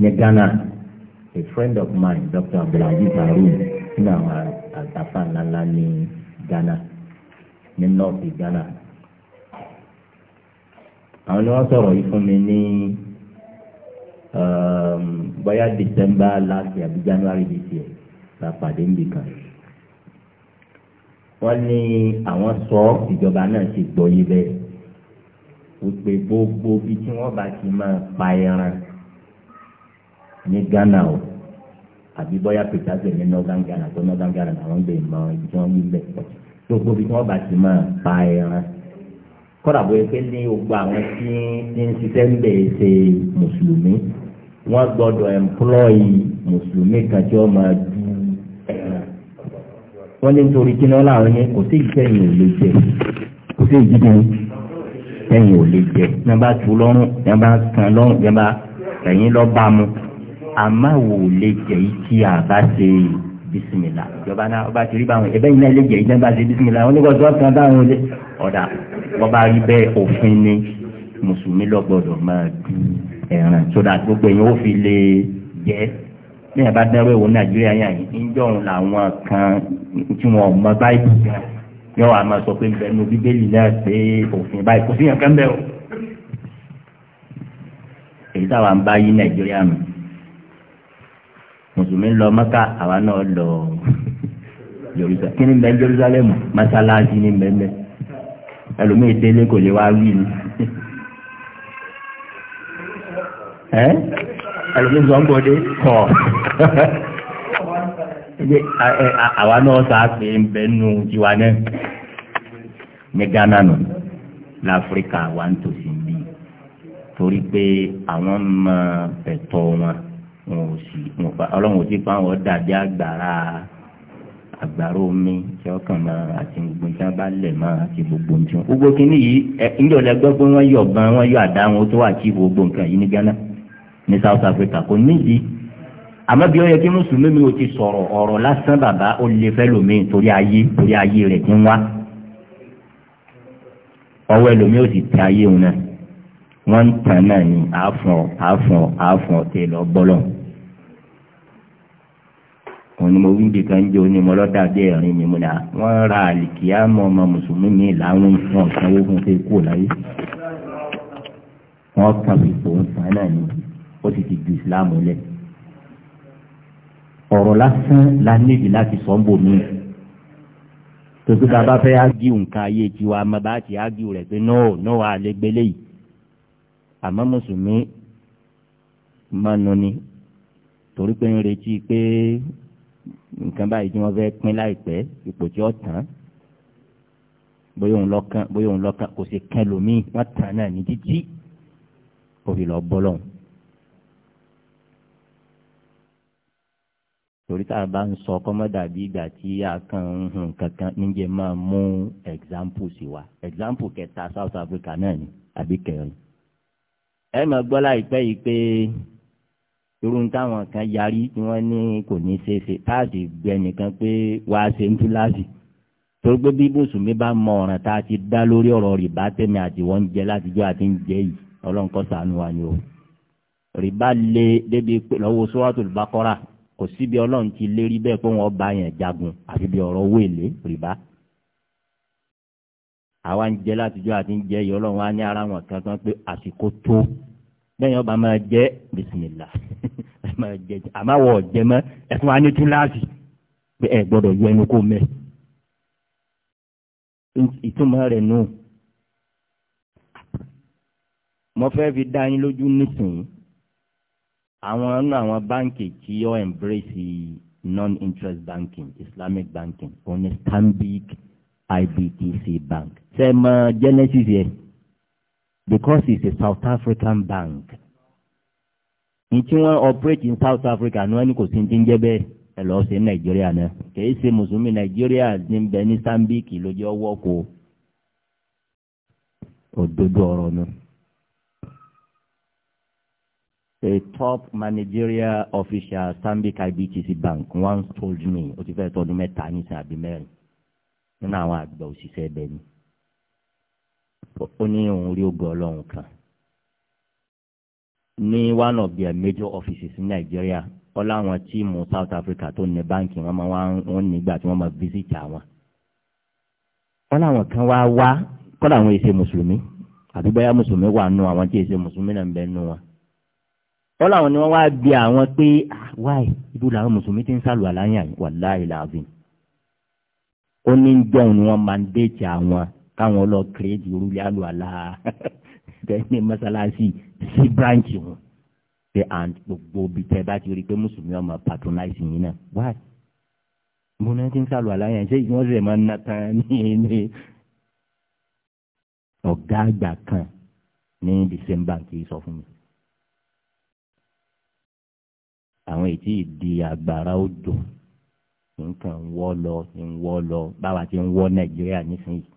ní Ghana a friend of mine Dr. Abdulaziz Haroun nínú àwọn àtàfà ńláńlá ní Ghana ní north Ghana àwọn ni wọ́n sọ̀rọ̀ yìí fún mi ní um, bóyá December last year àbí January this year la pàdé níbi kan wọ́n ní àwọn sọ ìjọba náà ti gbọ́ yé bẹ́ẹ̀ wípé gbogbo bí tí wọ́n bá ti máa pa ẹran ní Ghana o àbí bóyá pèsè ní northern Ghana tó northern Ghana làwọn ń bè mọ ibi tí wọ́n ń lẹ̀ gbogbo ibi tí wọ́n bá ti máa pa ẹran kọ́dà bóyá pé ní gbogbo àwọn tí ń ṣiṣẹ́ ń bẹ̀ ṣe mùsùlùmí wọ́n gbọ́dọ̀ ẹ̀mplọ́yì mùsùlùmí kan tí wọ́n máa du ẹran wọ́n ní nítorí kí náà làwọn yẹn kò sí ìtẹ̀yìn ò lè jẹ kò sí ìdíje ẹ̀yìn ò lè jẹ yẹn bá tu lọ́rùn yẹn bá kan lọ́rùn yẹn bá ẹ̀yìn lọ́ bá mu àmọ́ wò lè jẹ́ yìí tí a bá ṣe bisimila ìjọba náà ọba ti rí báwọn ẹ̀bẹ̀ yìí náà lè jẹ́ yìí náà bá ṣe bisimila wọn ní kò sọ́ọ́ kan báwọn lé ọ̀dà wọ́n bá rí bẹ́ẹ̀ òfin ni mùsùlùmí lọ gbọ́dọ̀ máa du ẹ̀ràn sódà gbogbo èèyàn ó fi lè jẹ́ ní ẹ̀bá dẹ́rọ ìwò nàìjíríà yàn yìí ń jọ̀run làwọn kan tí wọn ò mọ báyìí gan ni wọn àmọ́ sọ pé ń bẹnu bíbélì náà pé òfin báyìí kò sí yàn kán bẹ́ẹ̀ o èyí táwa ń bá yí nàìjíríà nù mùsùlùmí lọ mọ́kà àwa náà lọ Jerusalem kí ni bẹ́ẹ̀ Jerusalem mọ́sálásí ni bẹ́ẹ̀ bẹ́ẹ̀ ẹlòmíì délé kò lè wá wí ni ẹlòmíì sọ ń gbọdé kọ àwa náà sá pé ń bẹ nù tiwa náà ní Ghana nù láfíríkà wa ń tòsí bí torí pé àwọn mọ ẹ̀tọ́ wọn wọn ò sì wọn pa ọlọ́run ò tí pa àwọn dàbí àgbàrá àgbàrá omi tí wọ́n kàn máa àti gbogbo tí wọ́n bá lẹ̀ máa àti gbogbo tí wọ́n. gbogbo kínní yìí ẹ ǹjẹ́ ọ̀lẹ́ gbọ́ pé wọ́n yọ̀ gan wọ́n yọ àdá wọn tó wà tí gbogbo nǹkan yìí ní Ghana ní South Africa kò nídìí àmọ́ bí ó yẹ kí mùsùlùmí mi ò ti sọ̀rọ̀ ọ̀rọ̀ lásán bàbá ó lè fẹ́ lòmíì torí ayé torí ayé rẹ̀ ti ń wá ọwọ́ ẹlòmíì ò sì tẹ ayé òun náà wọ́n ń tàn náà ní àáfọ̀ àáfọ̀ àáfọ̀ tẹ lọ bọ́lọ́n òun ni mo wí bí kan jẹ́ oní mo bí ẹ̀rín ni mo dà wọ́n ra àlìkíyà mọ́ ọmọ mùsùlùmí mi láwọn ìfọ̀n sanwó fún pé kú láyé wọ́n kàn fi pò ń san náà ni ó sì ti ju ìsìláàmù lẹ̀ ọ̀rọ̀ lásán la níbi láti sọ ń bò mí tòtú bàbá fẹ́ ágíù nǹkan ayé tiwa mọ́ bá ti ágíù rẹ̀ pé náà náà àlégbélé yìí àmọ́ mùsùlùmí mánu ni torí pé ń retí pé nǹkan báyìí tí wọ́n fẹ́ pín láìpẹ́ ipò tí ó tán bóyá òun lọ́kàn bóyá òun lọ́kàn kò sí kán lómìn wọ́n tàn náà ní títí kò fi lọ bọ́ lọ́hùn. torí tá a bá ń sọ kọ́mọ́dà ìgbà tí a kan nǹkan kankan níjẹ́ máa mú ẹ̀gzámpù sí wa ẹ̀gzámpù kẹta South Africa náà ni àbí kẹrin. ẹ máa gbọ́ láìpẹ́ yìí pé irú táwọn kan yarí tí wọ́n ní kò ní ṣe é ṣe táàsì gbẹ nìkan pé wàá ṣe ń túláàsì torí pé bí mùsùlùmí bá mọ ọ̀ràn tá a ti dá lórí ọ̀rọ̀ rìbá tẹ̀mí àtiwọ́ ń jẹ látijọ́ àti ń jẹ yìí ọlọ́nkọ́ sànù wa ni o rìbá lé débi pé lọ́wọ́ sọ́wọ́tò lùbákọ́rà kò síbi ọlọ́run ti lérí bẹ́ẹ̀ pé wọ́n bá yẹn jagun àti bí ọ̀rọ̀ owó èlé rìbá àwa ń jẹ látijọ́ àti ń jẹ yìí ọlọ́run wa ní ara wọn kankan pé àsìkò tó bẹ́ẹ̀ yọba máa jẹ́ bisimilá máa jẹ àmàwọ̀ jẹmọ́ ẹ̀fún wa ní túláàsì pé ẹ gbọ́dọ̀ yọ ẹnu kó mẹ́. ìtumọ̀ rẹ̀ nù mo fẹ́ fi dá yín lójú nísìnyí àwọn nínú àwọn báǹkì tí yọ embrace non-interest banking islamic banking òun ni stanbic ibtc bank ṣe mọ genesis yẹn because it's a South African bank. ní tí wọ́n operate in South Africa ni wọ́n ní kò sí ti ń jẹ́ bẹ́ẹ̀ ẹ lọ́ọ́ sí Nàìjíríà náà kìí ṣe mùsùlùmí Nàìjíríà ní bẹ ní Sambiki lójú ọwọ́ kó òdodo ọ̀rọ̀ náà. a top managerial official Stanbic IBTC Bank once told me ó ti fẹ́ tọdún mẹ́ta nísìnyí àbí mẹ́rin nínú ó ní òun rí ogun ọlọ́run kan ní one of their major offices ní nàìjíríà ọ láwọn tíìmù south africa tó ní báńkì wọn máa wọn nígbà tí wọn máa visit àwọn wọn láwọn kan wá wá kọ́lá àwọn èsè mùsùlùmí àbí bóyá mùsùlùmí wà nù àwọn tí èsè mùsùlùmí náà ń bẹ nù wọn wọn làwọn ni wọn wá bí àwọn pé ah, wáì ibú làwọn mùsùlùmí ti ń sálù aláyàn wàláì làbìn ó ní jọ̀hún ni wọ́n máa ń déètì àwọn káwọn lọ kírètì orúlé àlùwàlá tẹ́ni mọ́sálásí sí bíráǹkì wọn pé and gbogbo bí tẹ́ bá ti rí i pé mùsùlùmí ọmọ patronize yín náà why mo náà ti ń sàlùwàlá yẹn ṣé wọ́n sì máa ń na tán ní ní ọ̀gá àgbà kan ní december kì í sọ fún mi. àwọn ètí ìdí àgbàrá ó dùn nǹkan ń wọ́ lọ ń wọ́ lọ báwa ti ń wọ́ nàìjíríà nísìnyí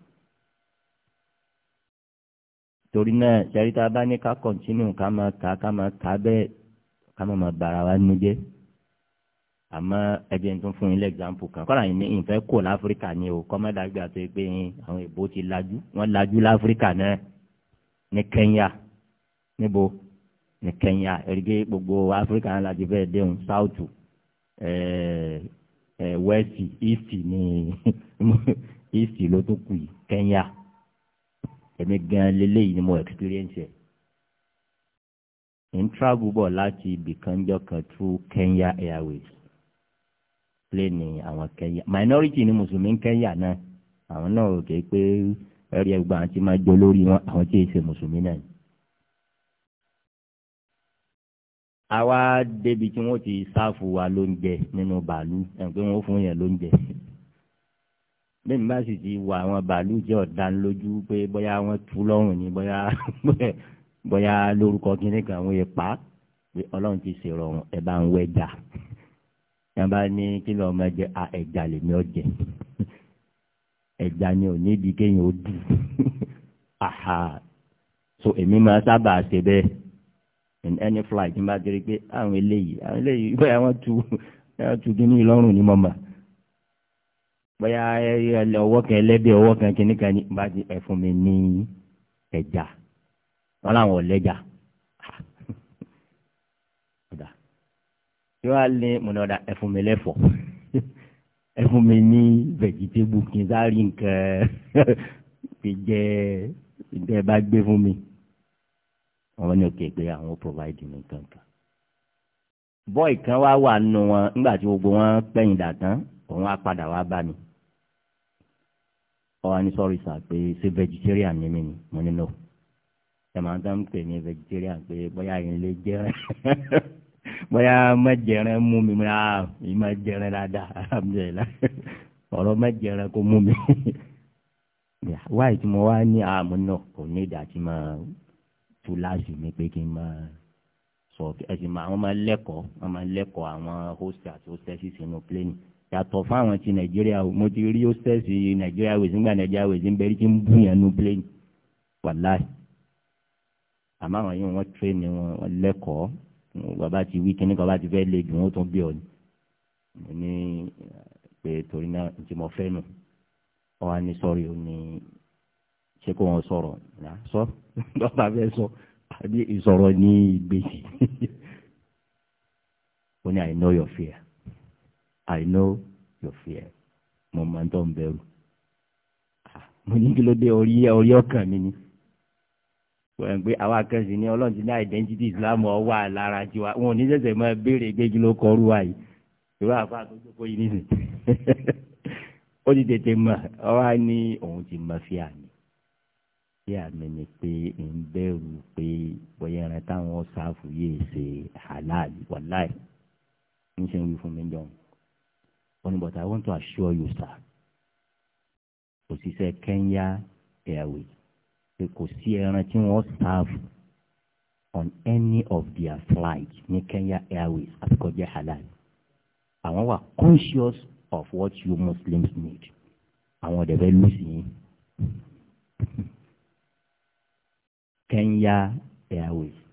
torí náà ṣẹ́ríta bá ní ká kọ̀ntínú ká máa kà ká máa kà bẹ́ẹ̀ ká máa máa bára wa nínú jẹ́ àmọ́ ẹ̀jẹ̀ tó fún yín lẹ́gbàmpù kan kọ́ra yìí ní ìfẹ́ kò láfíríkà ni o kọ́mọ́dàgbé àti pé àwọn èbó ti lajú wọ́n lajú láfíríkà náà ní Kenya níbo ní Kenya erigé gbogbo áfíríkà náà láti fẹ́ déhùn sáùtù ẹ̀ẹ́d wẹ́ẹ̀sì ìsì ní ìsì ló tún kù yìí Kenya èmi gan leléyìí ni mo experience ẹ̀ n travel bọ̀ láti ibìkanjọ́ kan through Kenya Airways pléènì àwọn Kenya minority ni mùsùlùmí Kenya náà àwọn náà ò kéé pé ẹ̀rí ẹgbẹ́ àwọn tí máa jọ lórí wọn àwọn tí ì ṣe mùsùlùmí náà ni. àwa débi tí wọ́n ti sáàfù wa lóúnjẹ nínú bàálù ẹ̀ pé wọ́n fún yẹn lóúnjẹ bí n bá sì ti wọ àwọn bàálù jẹ́ ọ̀dánilójú pé bóyá wọ́n tú lọ́rùn ni bóyá bóyá lórúkọ kínní kan wọ́n yẹ pa pé ọlọ́run ti ṣèrọ̀rùn ẹ̀ bá ń wẹ́jà yẹn bá ní kí lọ́ ọmọ jẹ́ a ẹ̀jà lèmi ọ̀jẹ̀ ẹ̀jà ni ò níbi kéèyàn ó dù àhà so èmi máa sábà ṣe bẹ́ẹ̀ in any flight n bá kiri pé àwọn eléyìí àwọn eléyìí bóyá wọ́n tu wọ́n tu kínní lọ́rùn ni mo mọ̀ bóyá ẹlẹ ọwọ́ kan ẹlẹ́bí ọwọ́ kan kìíní kan bá ti ẹ fún mi ní ẹja wọn làwọn ọlẹ́jà ọ̀dà tí wọ́n á lé mọ̀nà ọ̀dà ẹ fún mi lẹ́fọ̀ ẹ fún mi ní vegetable kí n sáré nǹkan fi jẹ ìdẹ́ bá gbé fún mi àwọn ní òkè pé àwọn provide mi kankan bọ́ọ̀ kan wá wà nù wọn nígbà tí gbogbo wọn pẹ̀yìn dà tán òun á padà wá bá mi ọwọ́ ní sọ́ọ̀rì sà pé ṣé vegetarian ni mí ni mo ní no ẹ máa dá ń pè ní vegetarian pé bóyá yẹn lè jẹrẹ bóyá mẹjẹrẹ mú mi ah, mi ah yìí máa jẹrẹ dáadáa alhamdulilayi ọ̀rọ̀ mẹjẹrẹ kò mú mi wáyé tí mo wá ní àmú ah, náà kò ní ìdá tí máa tú láàṣì mi pé kí n máa sọ ẹ̀sìn máa wọ́n máa lẹ́kọ̀ọ́ wọ́n máa lẹ́kọ̀ọ́ àwọn host àti hostesses inú pléènì yàtọ̀ fáwọn ti nàìjíríà o mo ti rí ó sẹ́ẹ̀sì nàìjíríà wèsì ńgbà nàìjíríà wèsì ń bẹ̀rí tí ń bú yẹn nu plane wàláì àmọ́ àwọn yìí wọ́n train wọn lẹ́kọ̀ọ́ bàbá ti wí kíní bàbá ti fẹ́ lé jù wọ́n tún bí ọ ní pé torí náà tí mo fẹ́ nù ọ wá ní sọ́ọ̀rì ó ní ṣé kó wọn sọ̀rọ̀ sọ bàbá fẹ́ sọ àbí ìsọ̀rọ̀ ní ìgbésí ó ní I know your fear. I know your fear mo máa ń tọ́ ń bẹ̀rù ah, mo ní kí ló dé orí orí ọkàn mi ni wọ́n gbé àwa akẹ́sìn ní ọlọ́run ti ní identity Islam ọwọ́ àlára tiwa wọn ò ní sẹ̀sẹ̀ máa béèrè pé kí ló kọrú wa yìí ìró àfa tó jókòó yìí nísìn ó ti tètè mọ̀ ọwọ́ ní òun ti mọ fi àmì fi àmì ni pé ń bẹ̀rù pé bóyá ẹran táwọn ṣáàfù yìí ṣe halal wàláì ń ṣe ń wí fún mi jọ̀hún wọ́n but I want to assure you sir òṣìṣẹ́ Kenya Airways pé kò sí ẹran tí wọ́n serve on any of their flights ní Kenya Airways àfikọ́jẹ́ halal àwọn wà conscious of what you Muslims need àwọn ọ̀dẹ̀ fẹ́ lù sí yín Kenya Airways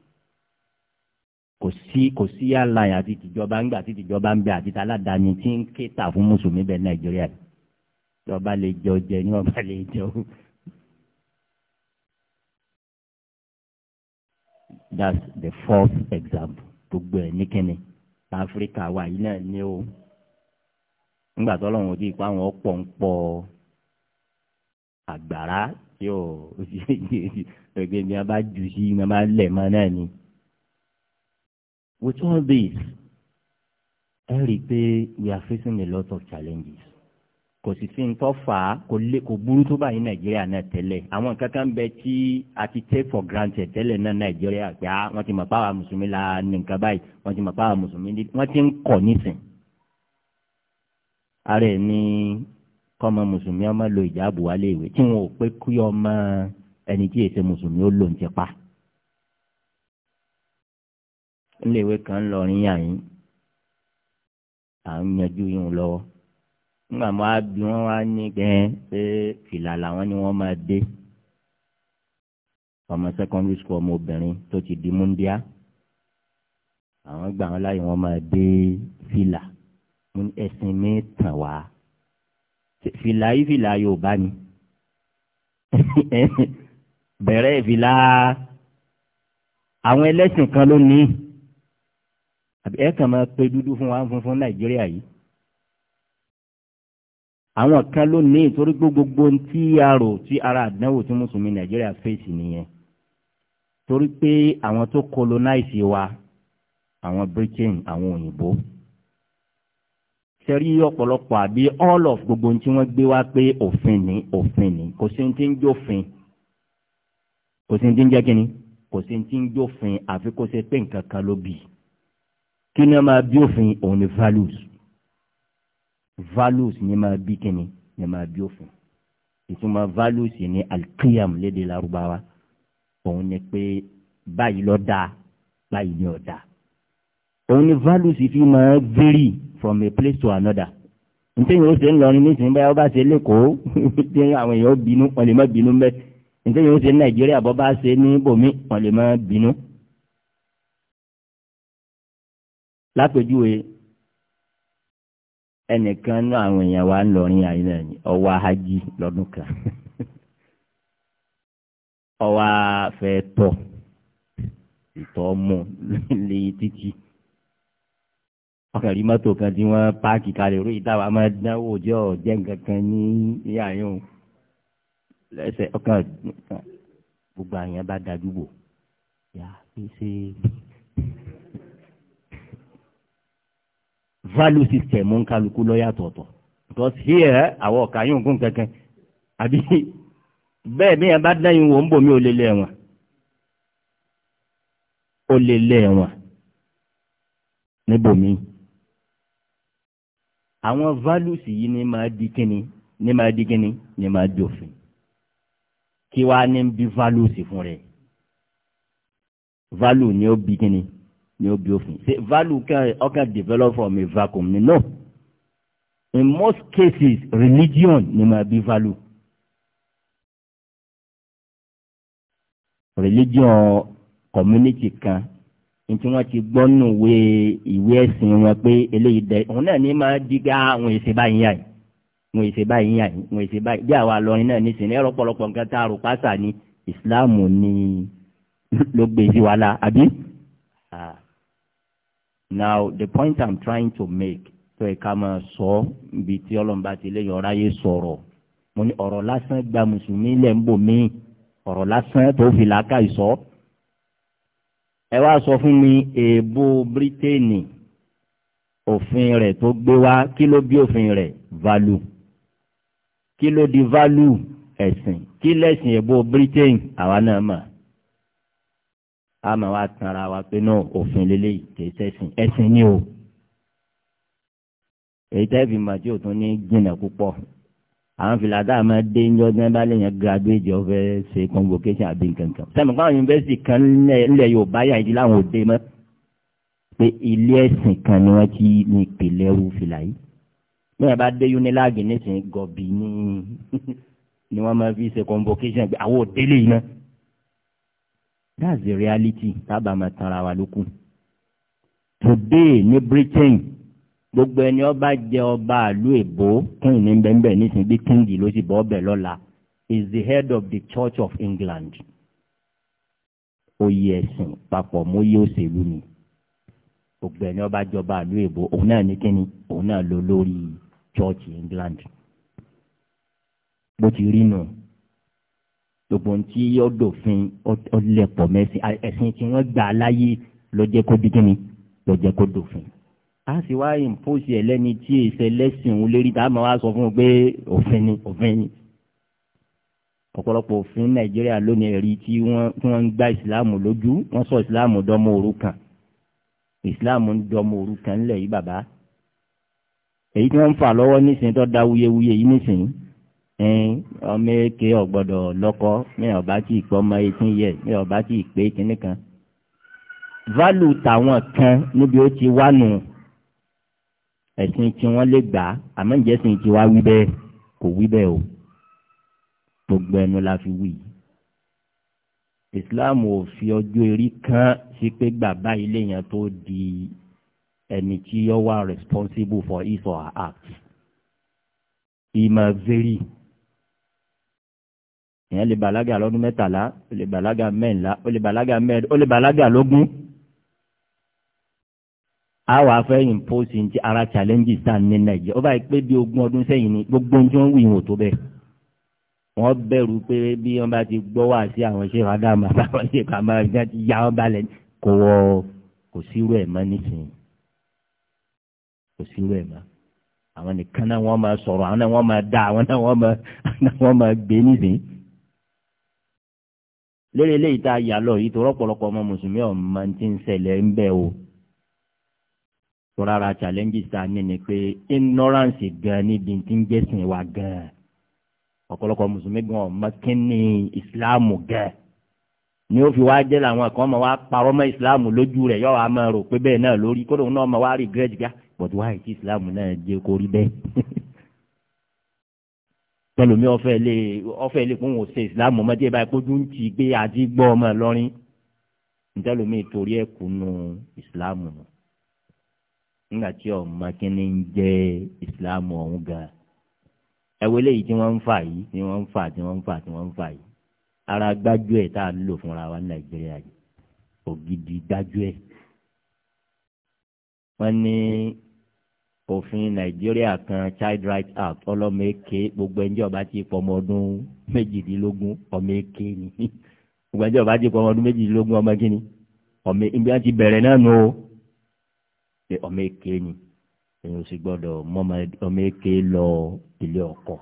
kò sí kò sí àlàyé àti tìjọba ń àti tìjọba ń àti aládàáni tí ń ké tà fún mùsùlùmí bẹ nàìjíríà ìjọba lè jẹ ọjẹ ní ọba lè jẹ o. that's the fourth example gbogbo ẹ̀ ní kíni áfíríkà wa yìí náà ní o nígbà tó lọ́wọ́n ojú ipa àwọn ọ̀pọ̀ ń pọ̀ àgbàrá tí ò gbẹgbẹ ni a bá jù sí ni a bá lẹ̀ mọ́ náà ni with all this ẹ rí i pé we are facing a lot of challenges kò sì sí nǹkan fà á kò lè kò burú tó báyìí nàìjíríà náà tẹ́lẹ̀ àwọn nǹkan kan bẹ tí a ti take for granted tẹ́lẹ̀ náà nàìjíríà pé á ah, wọ́n ti mọ̀ pé àwa mùsùlùmí la ní nǹkan báyìí wọ́n ti mọ̀ pé àwa mùsùlùmí ní wọ́n ti ń kọ̀ nísìn. ara ẹ̀ ní kọ́mọ mùsùlùmí ọmọ lo ìjáàbù wálé ìwé tí wọn ò pé kí ọmọ ẹni tí èsè mùsùlùmí ó lò ń ti pa iléèwé kan ń lọrin yàn yín à ń yanjú yín lọ́wọ́ nígbà mo á bí wá ní gẹ́ẹ́ pé fìlà làwọn ni wọ́n máa dé ọmọ secondary school ọmọbìnrin tó ti di múndíá àwọn gbà wọn láyé wọ́n máa dé fìlà ẹ̀sìn mi tàn wá fìlà yìí fìlà Yorùbá ni bẹ̀rẹ̀ fìlà àwọn ẹlẹ́sìn kan ló ní àbí ẹ kàn máa pe dúdú fún wa funfun nàìjíríà yìí àwọn kan ló ní ìtorí gbogbo tí a rò tí ara àdánwò tí mùsùlùmí nàìjíríà fèsì nìyẹn torí pé àwọn tó colonize wa àwọn britain àwọn òyìnbó sẹ́rí ọ̀pọ̀lọpọ̀ àbí all of gbogbo tí wọ́n gbé wá pé òfin ni òfin ni kò sí ti ń jófin kò sí ti ń jẹ́ kínní kò sí ti ń jófin àfi kó ṣe pé nǹkan kan ló bì í kí ni máa bí òfin òun ni values values ni máa bí kíni ni máa bí òfin ìtumọ̀ values ni alqiyam lédè Lárúbáwá òun ni pé báyìí ló dáa báyìí ni ó dáa òun ni values fi máa vary from a place to another ntẹ́yìn ó ṣe ń lọrin nísìnyí báyọ̀ bá ṣe lẹ́kọ̀ọ́ tí àwọn èèyàn bínú wọn lè má bínú mẹ́ ntẹ́yìn ó ṣe ní Nàìjíríà bọ́ bá ṣe ní bòmí wọn lè má bínú. lápèjúwe ẹnìkan nú àwọn èèyàn wa ń lọrin àyìn náà ni ọwọ́ ahájí lọ́dún kan ọwọ́ afẹ́ tọ̀ ìtọ̀ mú lé títí ọkàn rí mọ́tò kan tí wọ́n páàkì kalẹ̀ orí ìdáwà máa dánwò jẹ́ ọ̀jẹ́ nǹkan ní ní àyìn lẹ́sẹ̀ ọkàn gbogbo àyàn bá dájú wò yá kí value system ń kálukú lọ́yà tọ̀tọ̀ because here àwọn ọ̀ka yóò gún kankan àbí bẹ́ẹ̀ bí yẹn bá dẹ́yìn wò ń bò mí ò lè lẹ̀ wọ̀n ó lè lẹ̀ níbòmí. àwọn values yìí ni máa di kíni ní máa di kíni ní máa di òfin kí wàá ní bí values fún rẹ̀ value ni ó bí kíni ni ó bí òfin ṣe value kan ọkàn develop from a vacuum ni no in most cases religion ni máa bí value. religion community kan ntí wọn ti gbọ́ nù wé ìwé ẹ̀sìn wọn pé eléyìí dẹ òun náà ní máa dígá àwọn èsì báyìí yàn àwọn èsì báyìí yàn àwọn èsì báyìí bí àwa lọrin náà ní sìn ẹ̀rọ nǹkan tá a rò pásá ni ìsìláàmù ni ló gbé sí wa la now the point i'm trying to make tó ẹ̀ka máa sọ ọ́ ibi tí ọlọ́mba ti lé yọ̀ọ́rá yé sọ̀rọ̀ mo ní ọ̀rọ̀ lásán gba mùsùlùmí lẹ̀ ń bò mí ọ̀rọ̀ lásán tó fi làákà ìsọ́ ẹ wá sọ fún mi èèbó bírítéènì òfin rẹ̀ tó gbé wá kí ló bí òfin rẹ̀ value kí ló di value ẹ̀sìn kí lẹ̀sìn èèbó bírítéènì àwa náà mọ̀ a máa wá wa pé náà òfin lélẹ́yìí kì í ṣẹ̀sìn ẹ̀sìn ni o èyí tẹ́ẹ̀fì mà tí ò tún ní jìnnà púpọ̀ àwọn fìlàdà máa dé ń jọ́dún bá lè graduate jọ fẹ́ ṣe convocation àbí nkankan sẹ́mi káwọn yunifásitì kan ńlẹ̀ Yorùbá yà ìdí láwọn òde mọ́ pé ilé ẹ̀sìn kan ni wọ́n ti ní ìpìlẹ̀ ru fìlà yìí bẹ́ẹ̀ bá dé unilag nísìnyí gọ̀bì ni wọ́n máa fi ṣe convocation àwọn òde lè yìí náà that's the reality tábà máa tanra wa lókun. today ní britain gbogbo ẹni ọba jẹ ọba àlú èbó kín ní bẹ́ẹ̀nbẹ́ẹ̀ nísìnyí bí kíngì ló sì bọ́ ọbẹ̀ lọ́la is the head of the church of england. oyè ẹ̀sìn papọ̀ mọ́yé òṣèlú ni gbogbo ẹni ọba jọba àlú èbó òun náà ní kíni òun náà ló lórí church england. bó ti rí nù. No gbogbo ní tí yọ dòfin ọlẹ́pọ̀ mẹ́sìn ẹ̀sìn tí wọ́n gbà láyé lọ́jẹ́ kó dígí ni lọ́jẹ́ kó dòfin. a sì wá ìmpósì ẹlẹ́ni tí èsẹ̀ lẹ́sìn òun lérí tá a máa wá sọ fún un pé òfin ni òfin ni. ọ̀pọ̀lọpọ̀ òfin nàìjíríà lónìí ẹ̀rí tí wọ́n ń gba ìsìláàmù lójú wọ́n sọ ìsìláàmù dọ́mọ òrukàn ìsìláàmù ń dọ́mọ òrukàn ńlẹ̀ yìí bàbá èyí tí wọ́n ń fà lọ́wọ́ nísìnyí tó da wuyewuye yìí nísìnyí ọmọ eke ọ̀gbọ́dọ̀ lọ́kọ́ ní ọ̀bá tí ìpọ́ ọmọ eighteen years ní ọ̀bá tí ìpé kínní kan value tàwọn kan níbi ó ti wá nù ẹ̀sìn tí wọ́n lè gbà àmọ́ ìjẹ́sìn tí wá wí bẹ́ẹ̀ kò wí bẹ́ẹ̀ o gbogbo ẹnu la fi wí yìí islam ò fi ọjọ́ erí kan sí pé bàbá ilé yẹn tó di ẹni tí yọ wá responsible for his or her act. ìmọ̀ vary èèyàn lè bàlágà lọ́dún mẹ́tàlá ó lè bàlágà mẹ́ńlá ó lè bàlágà mẹ́ẹ̀ẹ́d ó lè bàlágà lógún. a wà fẹ́ impose ní ara challenges tá a ní nàìjíríà ó báyìí pé bí ogún ọdún sẹ́yìn ni gbogbo ohun tí wọ́n wù yín tó bẹ́ẹ̀. wọ́n bẹ̀rù pé bí wọ́n bá ti gbọ́ wá sí àwọn ṣé wàá dáhùn wọn ṣe kà máa ṣe ya wọn balẹ̀ kò wọ kò sírú ẹ̀ mọ́ nísìnyí kò sírú ẹ̀ mọ́ àwọn nìkan náà wọ́n máa sọ̀rọ̀ àwọn náà wọ́n máa dá àwọn náà wọ́n máa gbé nísìnyí lórí eléyìí tá yà lọ yìí tó ọmọ mùsùlùmí ọmọ ti ń mbẹ o rárá challenges niile a ní ni pé ignorance gan níbi tí ń jẹ́sìn wa gan ọ̀pọ̀lọpọ̀ mùsùlùmí gan ọmọ ìsìláàmù gan ni ó fi wá jẹ́ làwọn kan ọmọ wa parọ́ mọ́ ìsìláàmù lójú rẹ̀ yọ̀ọ́ a máa rò pé bẹ́ẹ̀ náà lórí kódò náà ọmọ wa ah, but why ti ìsìláàmù náà jẹ́ bẹ́ẹ̀ pẹlúmi ọfẹ lè ọfẹ lè kún òsè islam ọmọdé báyìí kójú ń ti gbé àti gbọ́ ọmọ lọ́rin ntẹlumi torí ẹ kunu islam nù nígbà tí ọmọ kínní ń jẹ islam ọ̀hún gan ẹwọ eléyìí tí wọ́n ń fà yìí tí wọ́n ń fà tí wọ́n ń fà tí wọ́n ń fà yìí ara gbájú ẹ̀ tá a lò fúnra wa ní nàìjíríà yìí ògidì gbájú ẹ̀ wọ́n ní òfin nàìjíríà kan child rights act ọlọ́mọ èké gbogbo ẹnjẹ́ ọba ti pọ̀ ọmọ ọdún méjìdínlógún ọmọ èké ni gbogbo ẹnjẹ́ ọba ti pọ̀ ọmọ ọdún méjìdínlógún ọmọ kíni ọmọ ibi wọn ti bẹ̀rẹ̀ náà nù o pé ọmọ èké ni èyàn ò sì gbọ́dọ̀ mọ́ ọmọ èké lọ ilé ọkọ.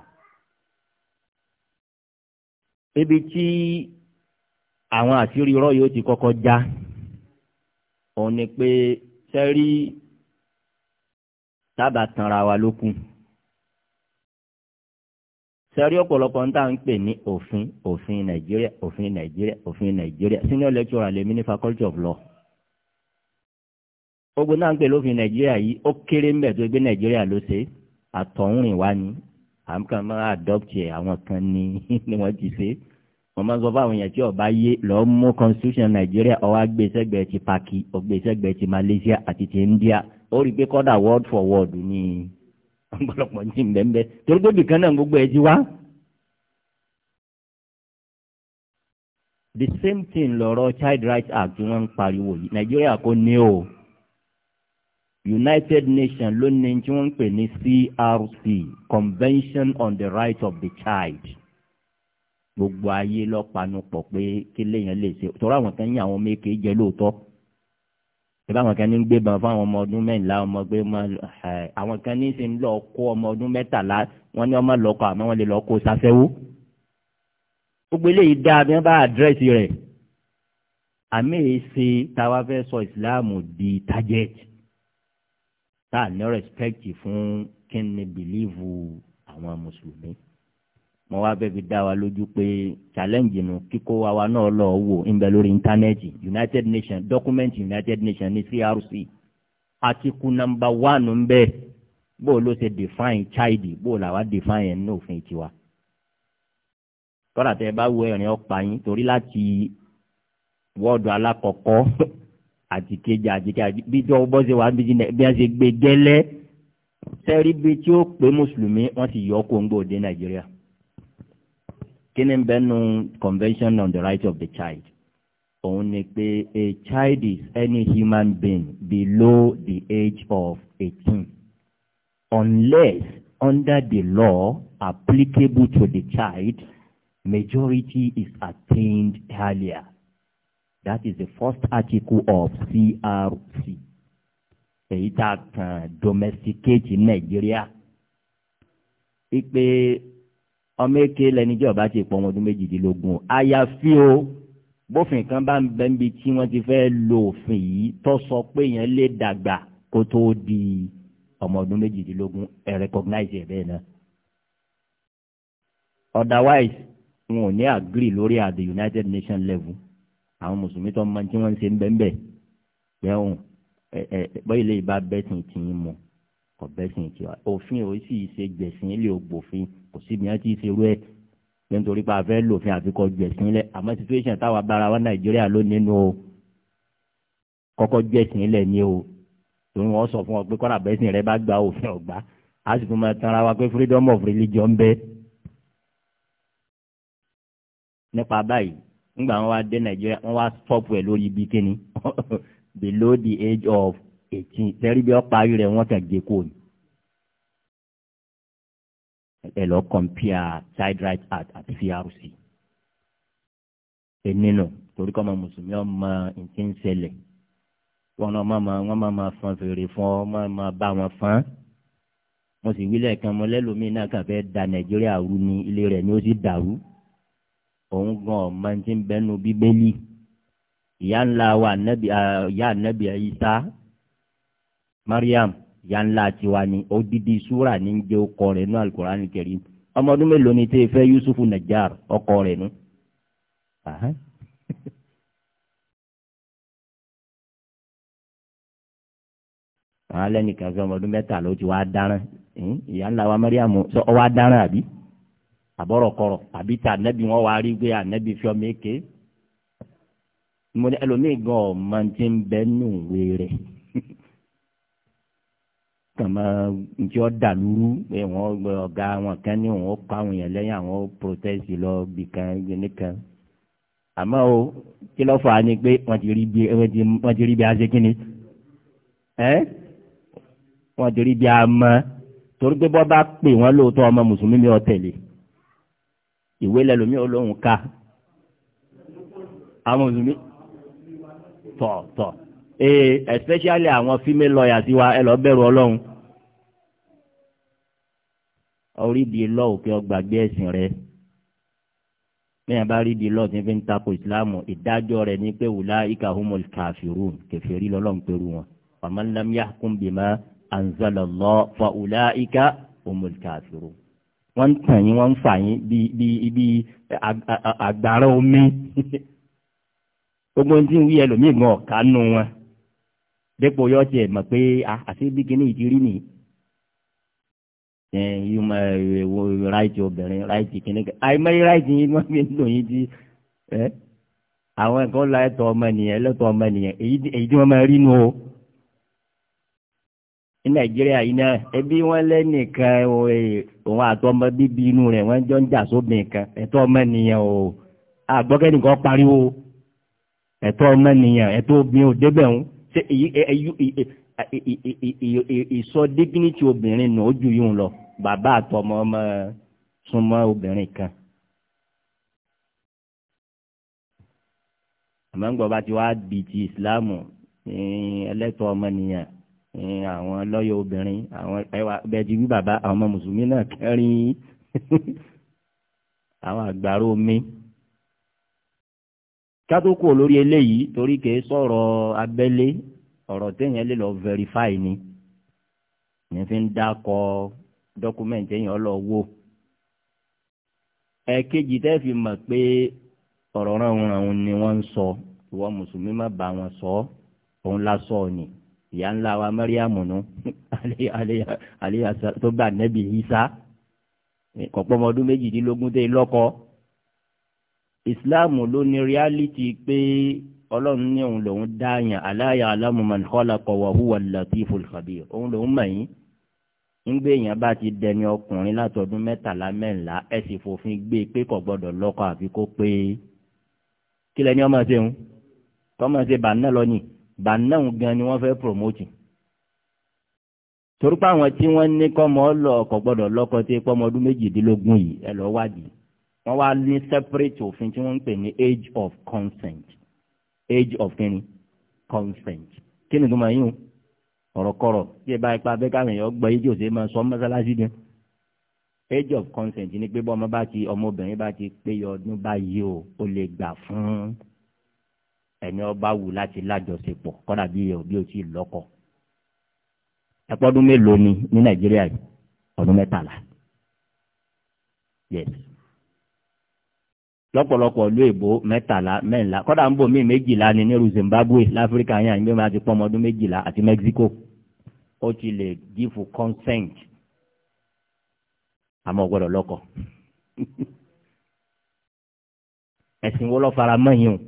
ibi tí àwọn àṣírí irọ́ yóò ti kọ́kọ́ já òun ni pé sẹ́rí tábà tanra wa lókun. sẹ́rí ọ̀pọ̀lọpọ̀ ń tà ń pè ní òfin òfin nàìjíríà òfin nàìjíríà òfin nàìjíríà senior lecturer lèmi ní faculty of law. ogun náà ń pè lófin nàìjíríà yìí ó kéré mbẹ̀ tó gbé nàìjíríà ló ṣe àtọ̀húnrìn wa ni àwọn kan máa adopt ẹ̀ àwọn kan ni ni wọ́n ti ṣe wọ́n máa ń sọ fáwọn èèyàn tí ọba yé lọ́ọ́ mú constitution nàìjíríà ọwọ́ agbésẹ́gbẹ̀ẹ́ ti paki ọgbésẹ́gbẹ̀ẹ́ ti malaysia àti ti india ó rí i pé kọ́dà word for word ni ọ̀pọ̀lọpọ̀ ní ìbẹ̀ǹbẹ̀ torí pé bìkan náà gbogbo ẹ̀ wá. the same thing lọ̀rọ̀ child rights act tí wọ́n ń pariwo yìí nàìjíríà kò ní o united nations ló ní tí wọ́n ń pè ní crc convention on the rights of the child gbogbo ayé lọ́panupọ̀ pé kí lèèyàn lè ṣe tọ́ra àwọn kan yín àwọn ọmọ èké lóòótọ́ ìbá àwọn kan ní ń gbébọn fún àwọn ọmọ ọdún mẹ́ńlá ọmọ gbé àwọn kan ní ṣe ń lọ kó ọmọ ọdún mẹ́tàlá wọ́n ní ọmọ lọ́kọ àmọ́ wọ́n lè lọ kó safẹ́wó gbogbo eléyìí dáa bí wọ́n bá àdírẹ́sì rẹ̀ àmì èsì táwa fẹ́ sọ ìsìláàmù di target tá a ní respect fún kí ni bìlíìfù àwọn mùsùlùmí mo wá fẹ́ dá wa lójú pé challenge nu kíkó wa wa náà lọ wò ń bẹ lórí íńtánẹ́ẹ̀tì United Nations document United Nations ní CRC article number one ń bẹ bó ló ṣe define child bó làwa define ẹ̀ ní òfin tiwa kọ́dà tẹ́ ẹ bá wo ẹ̀rín ọ̀pá yín torí láti wọ́ọ̀dù alákọ̀ọ́kọ́ àti kejì àti kejì bí tí wọ́n bọ́ ṣe wà bí wọ́n ṣe gbé gẹ́lẹ́ sẹ́rí bí tí ó pé mùsùlùmí wọ́n sì yọ kóńgò dé nàìjíríà kí ni bẹ́ẹ̀ convention on the right of the child òun ni pé a child is any human being below the age of eighteen unless under the law applicable to the child majority is attained earlier that is the first article of crc èyí tá a kàn domesticate Nàìjíríà wípé ọmọ èké lẹni jẹ́ ọba ti pọ̀ ọmọ ọdún méjìdínlógún àyàfi o bófin kan bá ń bẹ níbi tí wọ́n ti fẹ́ lo òfin yìí tó sọ pé yẹn lè dàgbà kó tó di ọmọ ọdún méjìdínlógún ẹ recognize ẹ bẹ́ẹ̀ náà. otherwise wọn ò ní agree lórí at the United Nations level àwọn mùsùlùmí tó máa ń tí wọ́n ń ṣe ń bẹ́ẹ̀ bẹ́ẹ̀ yẹ̀hùn bọ́yì lè bá bẹ́sìn tì í mu kò bẹ́sìn tì í òfin ò sì ṣe gbẹ̀sìn ilé ògbòfin kò síbi yẹn ti ṣerú ẹ̀ pé nítorí pé a fẹ́ lòfin àfikọ́ ju ẹ̀sìn lẹ̀ àmọ́ situation táwa bára wa nàìjíríà ló nínú o kọ́kọ́ ju ẹ̀sìn lẹ̀ ni o torí wọ́n sọ fún ọ pé kọ́ra bẹ́sìn rẹ bá gba òfin ọ̀gbá a sì tún máa tan ara wa pé freedom of religion bẹ́ẹ̀. nípa báyìí ńgbà wọn wá dé nàìjíríà wọn wá stọ́pù ẹ̀ lórí ibi kíni below the age of eighteen tẹ́rí bí ọ́ parí rẹ̀ wọ́n kàn gé kóòní ẹ lọ compare child right act àti crc ẹnìnà torí kọ́ ọmọ mùsùlùmí ọmọ nǹkan ń ṣẹlẹ̀ wọn náà máa wọn máa máa fan fèrè fún ọ máa máa bá wọn fan mo sì wílẹ̀ kan mo lẹ́lòmíì náà kàn fẹ́ da nàìjíríà rú ni ilé rẹ̀ ni ó sì dàrú òun gan ọmọ tí ń bẹnu bíbélì ìyá ńlá wa ìyá ànábì ẹ̀yíṣà mariam ìyá ńlá tiwa ni odidi súrà ní jẹ́ ọkọ rẹ̀ nínú alukurani kẹrin ọmọ ọdún mélòó ni Yusufu ọmọ ọdún mẹ́ta ló ti wá hm? ìyá wa sọ ọ wá dáràn àbí àbí wọn wá rí gbé ànẹ́bí fi ọmọ èké gan ọ̀ máa ti kàn máa njẹ́ ọ́ dàlúrú pé wọ́n ọ̀gá wọn kan ní òun kọ́ àwọn èèyàn lẹ́yìn àwọn protest lọ bìkan nìkan àmọ́ o kí ló fà á ni pé wọ́n ti rí bí wọ́n ti rí bí a ṣe kíni ẹ́ wọ́n ti rí bí a mọ torí pé bọ́ bá pè wọ́n lóòótọ́ ọmọ mùsùlùmí mi ọ̀ ìwé lẹ́lòmí olóhùn ká àwọn mùsùlùmí tọ̀ tọ̀ especially àwọn female lawyers wa ẹ lọ bẹ̀rù ọlọ́run orídìí lọ́ọ̀ kí ọ gbàgbé ẹ̀sìn rẹ bẹ́ẹ̀ bá rí di lọ́ọ̀ tí fi ń takò ìsìláàmù ìdájọ́ rẹ̀ ní pé wùlá ìka humul kafirun kẹfẹ́rí lọ́lọ́run pẹ̀lú wọn faman lam yahkum bima anzalallahu fa wùlá ìka humul kafirun. wọ́n ń tàn yín wọ́n ń fà yín bí bí bí àgbàrá omi gbogbo tí ń wí ẹlòmíì gan ọ̀kánú wọn dépò yọ́ọ̀tì ẹ̀ mọ̀ pé ah, àti bí kinní ìdírí nìyí yìí máa wo ráìtì obìnrin ráìtì kìnnìkan àìmọye ráìtì yìí wọ́n fi ń lò yín di ẹ àwọn ẹ̀kọ́ la ẹtọ ọmọnìyàn ẹlẹ́tọ́ ọmọnìyàn èyí tí wọ́n máa rí nu o ní nàìjíríà yìí náà ẹbí wọn lẹ́nìkan òun àtọmọ bíbí inú jọ ń jà sóbìn kan o pariwo ọmọnìyàn ìsọ dignity obìnrin nù ó ju yóò lọ bàbá àtọmọ ọmọ súnmọ́ obìnrin kan. àmọ́ ń gbọ́ bá ti wá bi ti ìsìláàmù ẹlẹ́tọ̀ ọmọnìyàn àwọn lọ́yọ̀ obìnrin àwọn ẹwà bẹ́ẹ̀ ti wí bàbá àwọn ọmọ mùsùlùmí náà kẹrin àwọn àgbàrá omi. kátó kù lórí eléyìí torí kìí sọ̀rọ̀ abẹ́lé ọ̀rọ̀ téèyàn lè lọ verify ni ní fi ń dákọ dọ́kúmẹ̀ntì èèyàn lọ wò ẹ̀ẹ̀kejì tẹ́ fi mọ̀ pé ọ̀rọ̀ ránhunránhun ni wọ́n ń sọ ìwọ mùsùlùmí má bá wọn sọ òun la sọ ni ìyá ńlá wa mẹ́ríàmù nù àléyà tó bá nẹ́bí Ìsá kọ̀pọ̀ méjìdínlógún tẹ́ lọ́kọ ìsìláàmù ló ní reality pé ọlọ́run ní òun lòun dáàyàn ala ya'lamu man khalaqa wa huwa al-latiful khabir òun lòun mọ̀ yín nígbà èèyàn bá ti dẹni ọkùnrin látọdún mẹ́tàlá mẹ́ńlá ẹ sì fòfin gbé e pé kò gbọ́dọ̀ lọ́kọ àfi kó pé e. kí lẹni ọmọ ṣe ń tọmọ ṣe bàánà lọ ni bàánà òun gan ni wọ́n fẹ́ promote torí pé àwọn tí wọ́n ní kọ́mọ lọ kò gbọ́dọ̀ lọ́kọ tí pọ́mọ ọdún méjìdínlógún yìí ẹ lọ́ọ́ wádìí wọ́n wá ní separate òfin tí wọ́n ń pè ní age of consent age of kini consent kí ni tó máa yín ọ̀rọ̀kọ̀rọ̀ tí ẹ bá ipa abẹ́ káwọn èèyàn gbọ́ age òsè máa sọ mọ́sálásí ni age of consent ni pé bọ́ ọmọ bá ti ọmọbìnrin bá ti pé ọdún báyìí o ó lè gbà fún ẹni ọba wù láti lájọṣepọ̀ kọ́dà bí òbí ò tí ì lọ́kọ ẹ̀pọ́dún mélòó ni ní nàìjíríà ọdún mẹ́tàlá yes lọ́pọ̀lọpọ̀ ìlú èbó mẹ́tàlá mẹ́ńlá kọ́dà ń bò mí méjìlá ni nírú zimbabwe láfíríkà yẹn àyìnbó máa ti pọ́ ọdún méjìlá àti mexico ó ti lè dífù consent àmọ́ gbọ́dọ̀ lọ́kọ. ẹ̀sìn wo lọ́ọ́ fara mọ́ yín o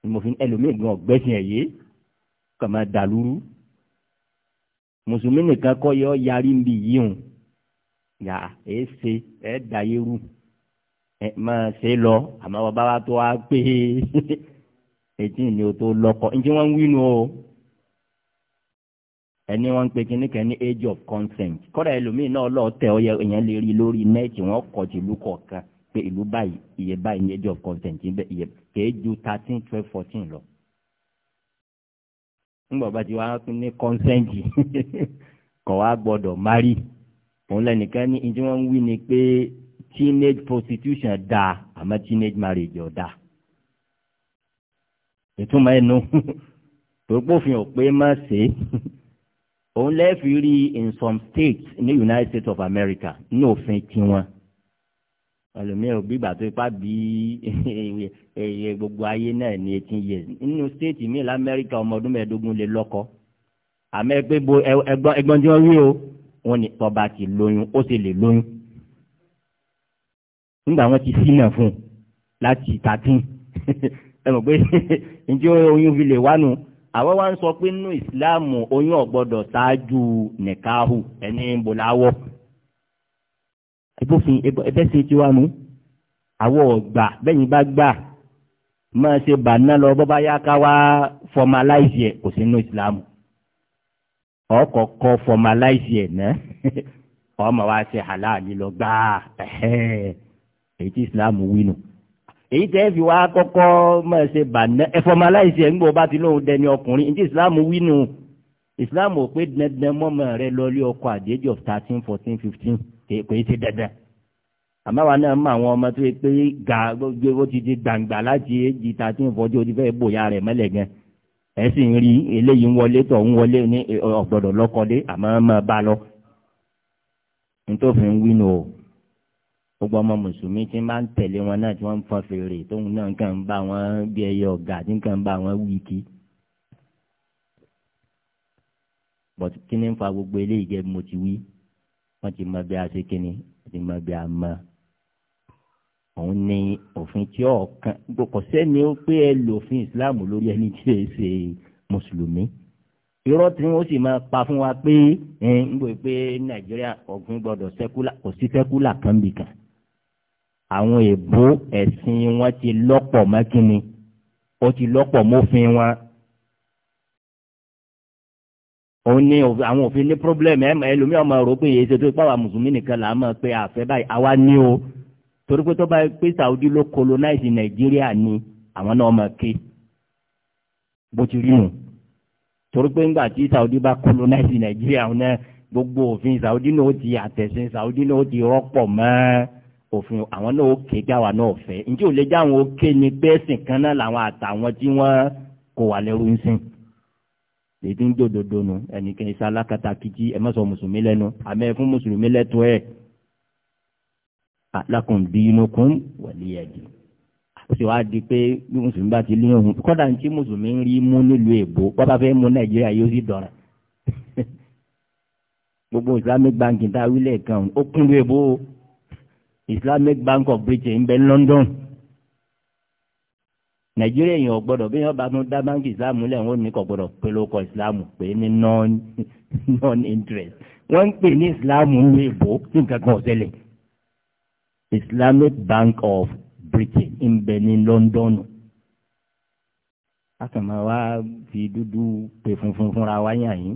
ni mo fi ẹlòmíì gan ọ̀gbẹ́sìn ẹ̀ yé kàn máa dàlúrú mùsùlùmí nìkan kọ́ yọ yarí ń bì yí o yà é ṣe ẹ̀ dàyé rú ẹ máa ṣe lọ àmọ́ bàbá wa tó wá pé etí ni o tó lọ́kọ ǹjẹ́ wọ́n ń wínú o ẹni wọ́n ń pe kinní kan age of consent kọ́dà ẹlòmíín náà lọ́ọ́ tẹ ọ yẹ èèyàn lè rí lórí nẹ́ẹ̀tì wọ́n kọ̀ tìlú kọ̀ọ̀kan pé ìlú báyìí iye báyìí ní age of consent ibẹ̀ iye kèé ju thirteen twelve fourteen lọ. ńgbà bá ti wá ní consent kọ̀ wá gbọ́dọ̀ marry òun lẹ́nìkan ní ǹjẹ́ wọ́n ń wí ni pé teenage prostitution dáa àmọ́ teenage marriage ò da. ìtumọ̀ ẹnu tó gbófin ò pé má ṣe é òun lẹ́ẹ̀fì rí in some states ní United States of America ní òfin tiwọn ẹlòmíràn gbígbà tó ipá bí ẹyẹ gbogbo ayé náà ní eighteen years nínú state mi lamẹ́ríkà ọmọ ọdún mẹ́ẹ̀ẹ́dógún lè lọ́kọ àmọ́ ẹgbẹ́ bo ẹgbọ́n tí wọ́n rí o wọ́n ní tọ́ba ti lóyún ó sì lè lóyún nígbà wọn ti sínà fún un láti thirteen ẹ mọ̀ pé njẹ́ oyún fi lè wánu àwọn wa ń sọ pé nínú ìsìláàmù oyún ọ̀gbọ́dọ̀ ṣáájú nìkaahù ẹni bòláwọ̀ ìbófin ẹbẹ́sẹ̀ tí wà nù àwọ̀ ọ̀gbà bẹ́yìn bá gbà máa ṣe bàná lọ bọ́bá yá ká wá formalize ẹ̀ kò sí nínú ìsìláàmù ọkọ̀ọ̀kọ̀ formalize ẹ̀ náà ọmọ wa ṣe halal lọ gbà ẹ̀hẹ́n èyí tí islam wí nù èyí tẹ́ fi wá kọ́kọ́ mọ̀ ṣe bàná ẹ̀fọ́ máa láìsí ẹ̀ ń gbọ́ bá ti lóun dẹni ọkùnrin èyí tí islam wí nù islam ò pé dandan mọ́mọ́ rẹ lọ́lé ọkọ at the age of thirteen fourteen fifteen kò ṣe dandan àmọ́ wa náà mọ àwọn ọmọ tó yẹ pé ga gbogbo ó ti di gbàǹgbà láti èjì thirteen fourteen ó ti fẹ́ bòyá rẹ̀ mẹ́lẹ̀ gan ẹ̀ sì ń rí eléyìí ń wọlé tọ̀ ń wọlé ní ọ̀gbọ̀dọ̀ lọ́kọ́lé àmọ́ mọ́ bá lọ nítòfin wí o gbogbo ọmọ mùsùlùmí tí máa ń tẹ̀lé wọn náà tí wọ́n ń fọn fèrè tóun náà kàn ń bá wọn bí ẹyẹ ọ̀gá tí kàn ń bá wọn wí kí. kí ni ń fa gbogbo eléyìí gẹ́gẹ́ mo ti wí wọ́n ti mọ bí a ṣe kí ni wọ́n ti mọ bí a mọ. òun ni òfin tí ọ̀kan kò sẹ́ni ó pé ẹ lòfin ìsìláàmù lórí ẹni tí ẹ ṣe mùsùlùmí irọ́ tí wọ́n sì máa pa fún wa pé ń gbọ́ pé nàìjíríà ọ̀gbìn gbọ́dọ̀ sẹ́kúlà kò sí sẹ́kúlà kan bìkan àwọn èèbó ẹ̀sìn wọn ti lọ́pọ̀ mọ́kínni ó ti lọ́pọ̀ mọ́fin wọn. òun ní àwọn òfin ní pírọ́blẹ́mù ẹ̀mọ ẹlòmíì ọmọ rò pé èyí ṣètò ìpáwà mùsùlùmí nìkan là á mọ̀ pé àfẹ́ báyìí àwa ní o torí pé tó bá pé Saudi ló colonize Nàìjíríà ni àwọn náà mọ̀ ké bó ti rí nù torí pé ńgbà tí Saudi bá colonize Nàìjíríà náà gbogbo òfin Saudi náà ó ti àtẹ̀sìn Saudi náà ó ti rọ́pọ̀ mọ́ ẹ́ òfin àwọn náà ó ké gbá wa náà fẹ́ ǹjẹ́ ò lè já àwọn òkè ní bẹ́ẹ̀sìn kan náà làwọn àtàwọn tí wọ́n kò wà lẹ́rú ń sìn èdè ń dòdòdò nu ẹnìkan iṣẹ́ alákatakítí ẹ má sọ mùsùlùmí lẹ́nu àmẹ́ fún mùsùlùmí lẹ́tọ́ ẹ̀ alákùn bí wọlé ẹ̀dì ó sì wá di pé bí mùsùlùmí bá ti léyìn òun kọ́dà ní tí mùsùlùmí ń rí mú nílùú èbó bọ́bá fẹ́ mú nàìjíríà yóò sì dọ̀ràn gbogbo islamic banking tá a wílẹ̀ kan ó kúnlé èbó o. Islamic Bank of Britain ń bẹ ní London nàìjíríà èèyàn gbọ́dọ̀ bí wọn bá tún dá báńkì islam lẹ́yìn ó ní kò gbọ́dọ̀ pé ló kọ islam pé ní non interest wọn ń pè ní islam ní èbó ní nǹkan kan ọ̀sẹ̀lẹ̀ Islamic Bank of Britain ń bẹ ní London a kàn máa wá fi dúdú pè funfun fúnra wáyà yìí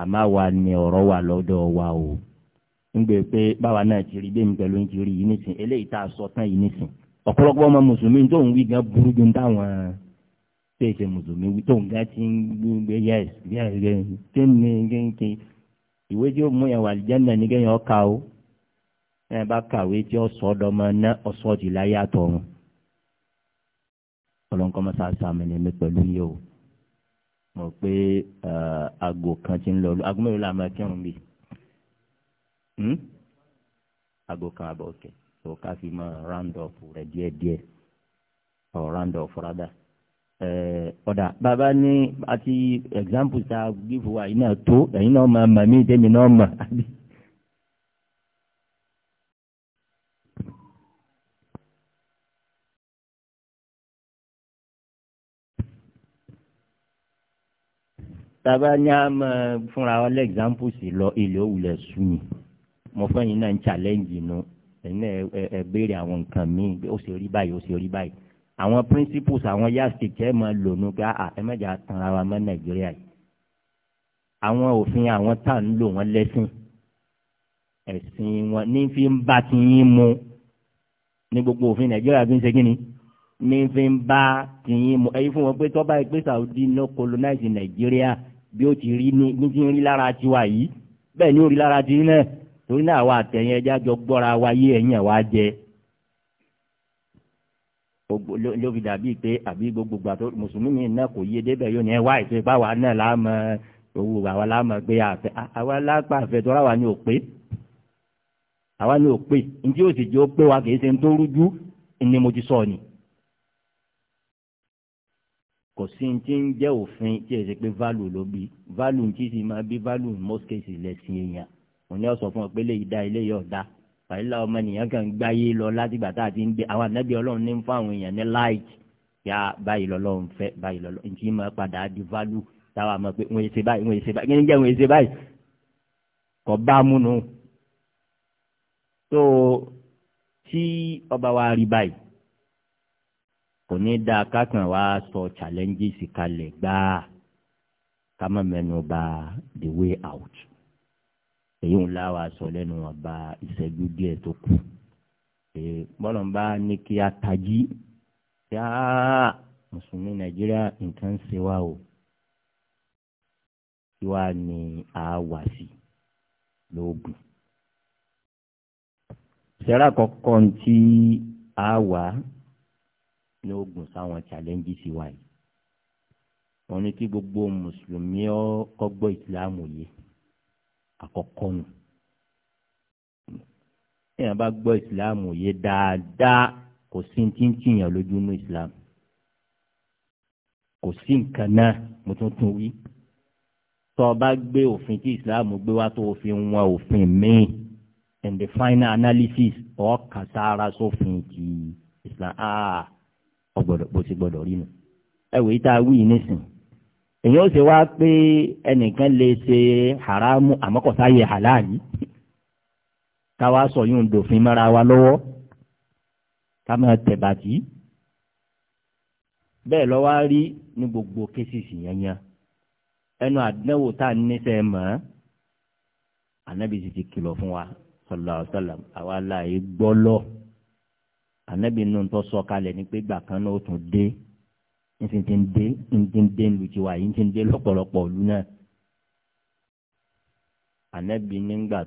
àmọ́ àwa ni ọ̀rọ̀ wà lọ́dọ̀ wa o ńgbè pé báwa náà ti rí bẹ́ẹ̀ pẹ̀lú ti rí yìí nísìn eléyìí tá a sọ tán yìí nísìn ọ̀pọ̀lọpọ̀ ọmọ mùsùlùmí tó ń wí gan burú ju táwọn tètè mùsùlùmí wí tó ń gá ti ń gbé yẹs yẹs kí ni kéńké ìwé tí ó mú yẹn wà lìjánà ní kéèyàn ọkà o ẹ bá kàwé tí ó sọ ọdọmọ ná ọsọ láyé àtọrun ọlọ́nkọ́ mọ́sá sàmì mo pé aago kan ti ń lọ aago mélòó la máa kírun bí hmm? aago kan àbọ̀ òkè tó ká fi máa round up rẹ̀ díẹ̀díẹ̀ ọ̀ round up rádà ọ̀dà bàbá ní àti example tá a gbé fún wa yìí náà tó ẹ̀yin náà máa mọ̀ mí tẹ́mi náà mọ̀ tàbá ní a máa fúnra wa lé example sí lọ ilé òwúlẹ̀ sùn mi mo fẹ́ yín náà ń challenge nu ẹ̀yin náà ẹ béèrè àwọn nǹkan míì ó ṣe rí báyìí ó ṣe rí báyìí àwọn principles àwọn yastik ẹ máa lò nu pé ẹ mẹ́jà tanra wa mọ́ nàìjíríà yìí àwọn òfin àwọn tá à ń lò wọ́n lẹ́sìn wọn ní fi ń bá tiyín mu ní gbogbo òfin nàìjíríà fi ń ṣe kínni ní fi ń bá tiyín mu ẹ̀yin fún wọn pé tọ́ba ìpè Saudi no colonize nàìjíríà bí ó ti rí ní ní ti rí lára tiwa yìí bẹ́ẹ̀ ni ó rí lára tiwa náà torí náà àwa àtẹ̀yìn ẹja jọ gbọ́ra wa yé ẹ̀yìn àwa jẹ ló fi dàbí pé àbí gbogbo gbà tó mùsùlùmí náà kò yé débẹ̀ yóò ní ẹ wá ìfẹ́ báwa náà láàmú owó àwa láàmú gbé àfẹ́ àwa lápá àfẹ́ tó ráwa ni ò pé àwa ni ò pé njẹ́ òsì jẹ́ ó pé wa kì í ṣe ń tó rújú ni mo ti sọ ni kò sí ní ti ń jẹ́ òfin tí ẹ ṣe pé value ló bí value ti sì máa bí value in most cases lẹ́sìn èèyàn òun ni ó sọ fún ọ pé léyìí dá eléyìí ọ̀dá fàyílà ọmọ nìyẹn kàn gbáyé lọ láti gbà tá a ti ń gbé àwọn ànábì ọlọ́run ní ń fún àwọn èèyàn ní láìkì yá báyìí lọ́lọ́run fẹ́ báyìí lọ́lọ́run ní ti máa padà di value táwa mọ̀ pé wọ́n ṣe báyìí wọ́n ṣe báyìí kí ni jẹ́ wọ́n ṣe báyìí kò bá múnú tó tí ọba wa rí báyìí kò ní dáa kákan wá sọ challenges kalẹ̀ gbáà ká má mẹ́nu bà the way out èyí ń láwa sọ lẹ́nu wọn bá ìṣẹ́jú díẹ̀ tó kù bọ́lá ń bá ní kí a tají yá mùsùlùmí nàìjíríà nǹkan ń ṣe wá o kí wàá ní a wà sí lóògùn. sẹ́rà kọ̀ọ̀kan tí a wà ní ogun sáwọn challenges wa yìí wọn ní kí gbogbo mùsùlùmí ọ kọ́gbọ́ ìsìláàmù yìí àkọ́kọ́ nù èèyàn bá gbọ́ ìsìláàmù yìí dáadáa kò sí ní tí ń yàn lójú ní ìsìláàmù kò sí nǹkan náà mo tún tún wí tó bá gbé òfin tí ìsìláàmù gbé wá tó o wọn òfin míì in the final analysis ọ̀ kàtà ara sófin ti ìsìláàmù. Ah, ọgbọ́dọ̀ bó ti gbọ́dọ̀ rí nu ẹwò yìí tá a wí yìí nísìn èyí ó ṣe wá pé ẹnìkan lè ṣe haramu àmọ́kọ̀sáyé halali káwa sọ yóò dòfin mọ́ra wa lọ́wọ́ ká máa tẹ̀bàtì bẹ́ẹ̀ lọ́wọ́ á rí ní gbogbo kéṣìṣì yanyan ẹnu àdánwò tá a níṣẹ́ mọ́ ànábìsì ti kìlọ̀ fún wa sallallahu alaihi wasallam àwa láàyè gbọ́ lọ́ọ̀. anebi nù tó sọ kalẹ̀ ní pé gbà kan náà ó tún dé ndị ti ń dé nsì ń dé lu tiwa yìí nsì ń dé lọ́pọ̀lọpọ̀ ìlú náà. nígbà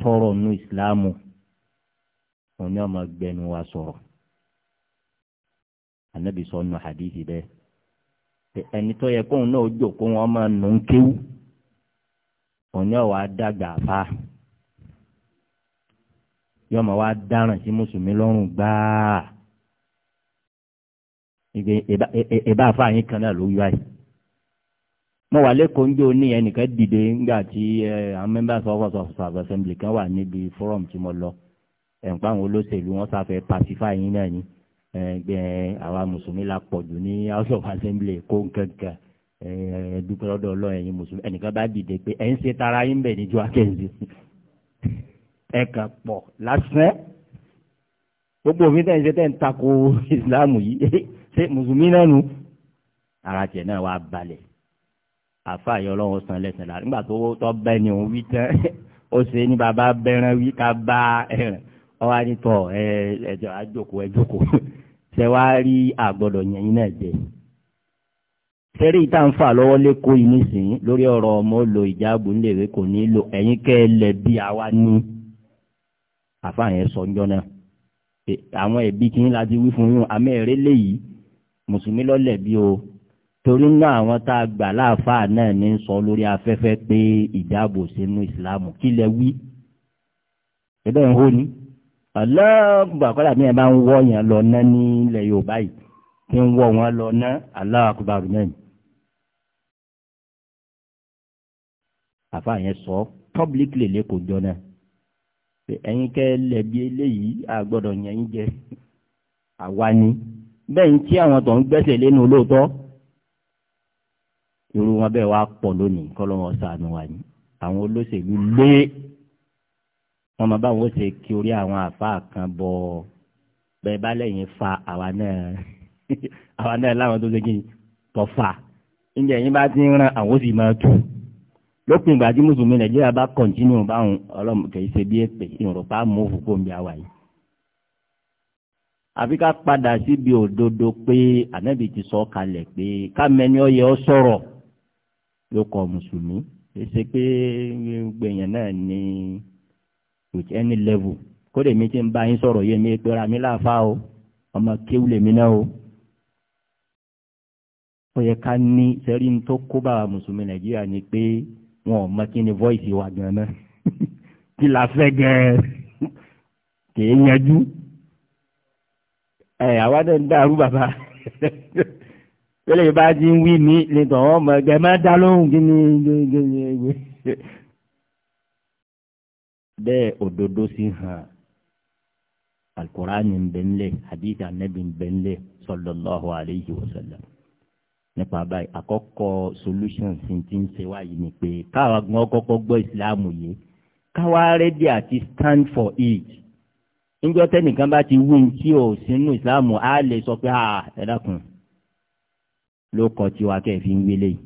tọrọ nu òun ni ọmọ gbẹnu wa sọrọ sọ hadithi ẹni tó yẹ kóun náà wọn máa nù ń kéwú òun ni yóò máa wá dáràn sí mùsùlùmí lọ́rùn gbáà ìbá àfa yín kan náà ló yọ àyè mo wà lẹ́kọ̀ọ́ njó ní ẹnìkan dìde nígbà tí àwọn members of us of assembly kan wà níbi forum tí mo lọ ẹ̀ǹpá àwọn olóṣèlú wọn sáfẹ́ pacify yín náà ni ẹgbẹ́ àwa mùsùlùmí la pọ̀ jù ní house of assembly kó nkankan ẹ̀ẹ́dúpẹ́ lọ́dọ̀ ọlọ́run ẹ̀yin mùsùlùmí ẹnìkan bá dìde pé ẹ̀ ń ṣe tara yín bẹ̀ níjọ́ akẹ́yìn ẹ̀kàn pọ̀ lásán gbogbo òfin tẹ̀ ń ṣe tẹ̀ ń tako ìsìláàmù yìí ṣé mùsùlùmí náà nu ara tiẹ̀ náà wàá balẹ̀ àfààyè ọlọ́run san lẹ́sìn lára nígbà tó tọ́ bẹ́ẹ̀ ni òun wí tán ó ṣe ní bàbá bẹ́ẹ̀rẹ̀ wí ká bá ẹ̀rìn ọwọ́ àdìtọ̀ ẹ̀jọ̀ àjòkó ẹ̀jòkó ṣe wá rí àgbọ̀dọ̀ yẹn yín náà jẹ. sẹ́rí ìta ń fà lọ́wọ́ lẹ́kọ̀ọ́ yìí nísìnyí lórí ọ̀rọ̀ ọmọ lo ìjáàbù ńlẹ̀wé kò ní lò ẹ̀yìn kẹ́ ẹ lẹ̀ àwa ní àfa yẹn sọ ńjọ náà àwọn ẹbí kí n láti wí fún yín àmì ẹ̀rẹ́ léyìí mùsùlùmí lọ́lẹ̀ bí o torí náà àwọn tá a gbà láàfáà náà ní ń sọ lórí afẹ́fẹ́ pé ìdáàbò sínú ìsìláàmù kí lẹ wí ẹbẹ́ ń hó ni aláàkùbà kọ́lá mi ẹ̀ bá ń wọ́ yẹn lọ ná ní ilẹ̀ yorùbá yìí kí ń wọ́ wọn lọ ná aláàkùbà rẹ̀ náà. àfáà yẹn sọ publicly lẹ́kọ̀ọ́ jọ náà ẹ̀yin kẹ́ lẹ̀bi eléyìí àgbọ̀dọ̀ yẹn ń àwa ni bẹ́ẹ̀ ń tí àwọn tó ń gbẹ́sẹ̀ lẹ́nu olóòótọ́ irú wọn bẹ́ẹ̀ wá pọ̀ lónìí kọ́lọ́wọ́n sànù wà ní àwọn olóṣèlú lé wọn máa báwọn ó ṣe kí orí àwọn àfáà kan bọ bẹ́ẹ̀ bá lẹ́yìn fa àwa náà àwa náà láwọn tó ṣe kí ni tọ́ fa ǹjẹ́ yín bá ti ń ran àwọn ó sì máa tù lópin ìgbà tí mùsùlùmí nàìjíríà bá kọ̀ǹtínú báwọn ọlọ́mù kì í ṣe bí èpè ìrọ̀pá mọ́ọ̀fù kò ń bí àwa yìí. àfi ká padà síbi òdodo pé ànábì ti sọ kalẹ̀ pé kámẹ́ni ọyẹ ọ sọ̀rọ̀ ló kọ mùsùlùmí kì ṣe pé gbèyàn náà ní with any level kódé mi ti ń bá yín sọ̀rọ̀ yé mi pé ra mi láàfa o ọmọ kéwù lèmi náà o ó yẹ ká ní sẹ́rí ń tó kó bá mùsùlùmí nàìjíríà ni pé wọn ò mọ kí ni voice wa gan náà kí la fẹ́ gan kì í yanjú ẹ àwa náà ń dàrú bàbá pẹ̀lẹ́ bá ti ń wí mí nìkan wọn mọ ẹgbẹ́ má dá lóhùn kí ni bẹ́ẹ̀ òdodo sì hàn alukur'ani ń bẹ ń lẹ̀ hadith anabi ń bẹ ń lẹ̀ sallallahu alayhi wa sallam nípa báyìí àkọ́kọ́ solution sí ti ń ṣe wáyé ni pé káwa gan ọkọ́kọ́ gbọ́ ìsìláàmù yìí káwa rẹ́dí àti stand for it níjọ́ tẹ́nìkan bá ti wí tí ò sínú ìsìláàmù á lè sọ pé ẹ dákun ló kọ tiwa kẹ́ ẹ fi ń wílé yìí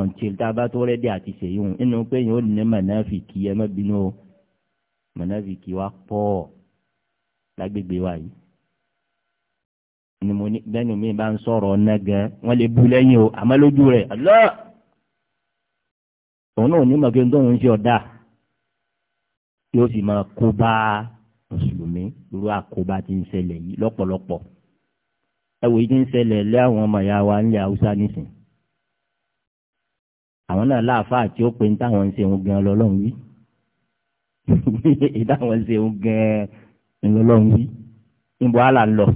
until tá a bá tó rẹ́dí àti ṣèyún inú pé yìí ó ní mọ̀nàfìkì ẹ má bínú o mọ̀nàfìkì wa pọ̀ lágbègbè wa yìí ni mo ní bẹ́ẹ̀ni mi bá ń sọ̀rọ̀ ọ̀nà gan wọ́n lè bu lẹ́yìn o àmọ́ lójú rẹ̀ lọ́ òun náà ní màkì tó ń ṣe ọ̀dà yóò sì máa kó bá mùsùlùmí irú àkóbá ti ń ṣẹlẹ̀ yìí lọ́pọ̀lọpọ̀ ẹwò yìí ti ń ṣẹlẹ̀ lé àwọn ọmọ ìyá wa nílẹ̀ haúsá nísìn àwọn náà láàfáà tí ó pe ń táwọn ń ṣeun gan lọ́lọ́run wí ìdáwọn ń ṣeun gan lọ́lọ́run wí níbo á ń lọ.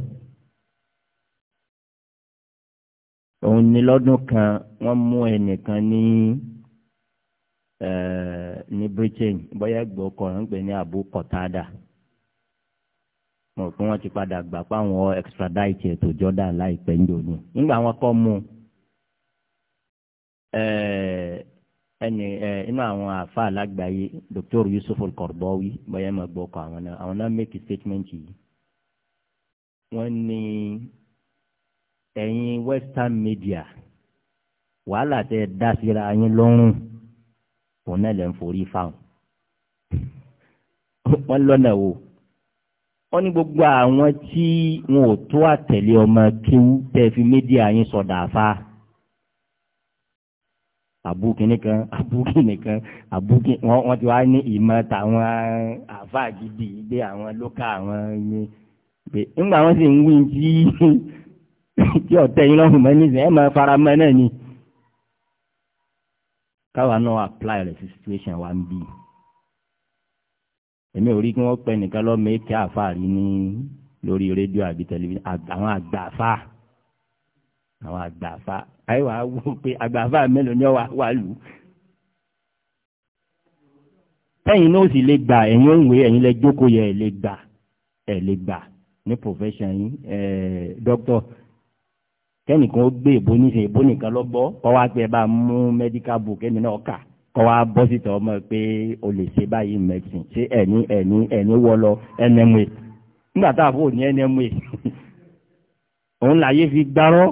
òun ni lọ́dún kan wọ́n mú ẹnìkan ní eh, ní Britain bóyá gbọ́ kọ̀ọ̀rọ̀ ń pè ní Abu Qatada mo pé wọ́n ti padà gbà páwọn extradite ètò Jordan láìpẹ́ ńdòdò nígbà wọn kọ́ mú eh, ẹni eh, inú àwọn àfa alágbàáyé Dr. Yusuf Al-Qaradawi bóyá ẹ̀ máa gbọ́ kọ àwọn náà àwọn náà make statement yìí wọ́n ní ẹ̀yin western media wàhálà tẹ dá síra yín lọ́rùn òun náà lè ń forí fáwọn wọn lọ́nà wo wọn ní gbogbo àwọn tí wọn ò tó àtẹ̀lé ọmọ kíw tẹ fi media yín sọ̀dà fa àbúkíní kan àbúkíní kan àbúkíní wọn wọn ti wá ní ìmọ̀ tàwọn àfáà gidi gbé àwọn lókà àwọn yín pé ńgbà wọn sì ń wí tí. tí ọ̀tẹ́ yìí lọ́hùn mẹ́nìsìn ẹ̀ máa fara mẹ́ náà ni káwa náà apply rẹ̀ sí situation wa ń bí èmi ò rí kí wọ́n pẹ́ nìkan lọ́mọ èké àfáàrí ní lórí rédíò àbí tẹlifíṣàn àwọn àgbààfà àwọn àgbààfà àìwá wò pé àgbààfà mélòó ni ọ wà lù tẹ́yìn náà sì lè gbà ẹ̀yin òǹwé ẹ̀yin lẹ jókòó yẹ ẹ̀ lè gbà ẹ̀ lè gbà ní profession yín ẹ̀ẹ́ dókítà kẹ́nìkan ó gbé èbó ní ìsìn èbó nìkan lọ́gbọ́ kọ́ wá pé ẹ bá mú medical book ẹni náà kà kọ́ wá bọ́ síta ọmọ pé o lè ṣe báyìí medicine ṣé ẹni ẹni ẹni wọ lọ nma nígbà tá a fò ní nma òun láyé fi gbárọ́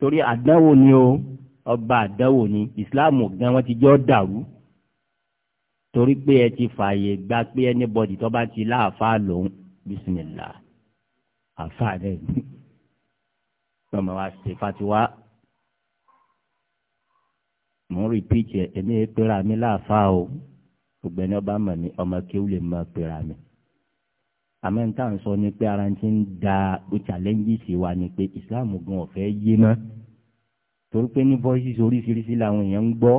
torí àdánwò ni o ọba àdánwò ni ìsìláàmù gan wọn ti jọ dàrú torí pé ẹ ti fààyè gba pé anybody tó bá ti láàfáà lòun bismillah àǹfààní rẹ̀ ní ọmọ wa ṣe fatiwa mò ń rìpíìtì ẹ̀mí pera mi láàfáà o gbogbo ẹni ọba mọ̀ ní ọmọ kéwù lè mọ pera mi àmọ́ n táà ń sọ ni pé ara ń ti ń da challenges wa ni pé Islam gan ọ̀fẹ́ yé mọ́ torí pé ní voices oríṣiríṣi làwọn èèyàn ń gbọ́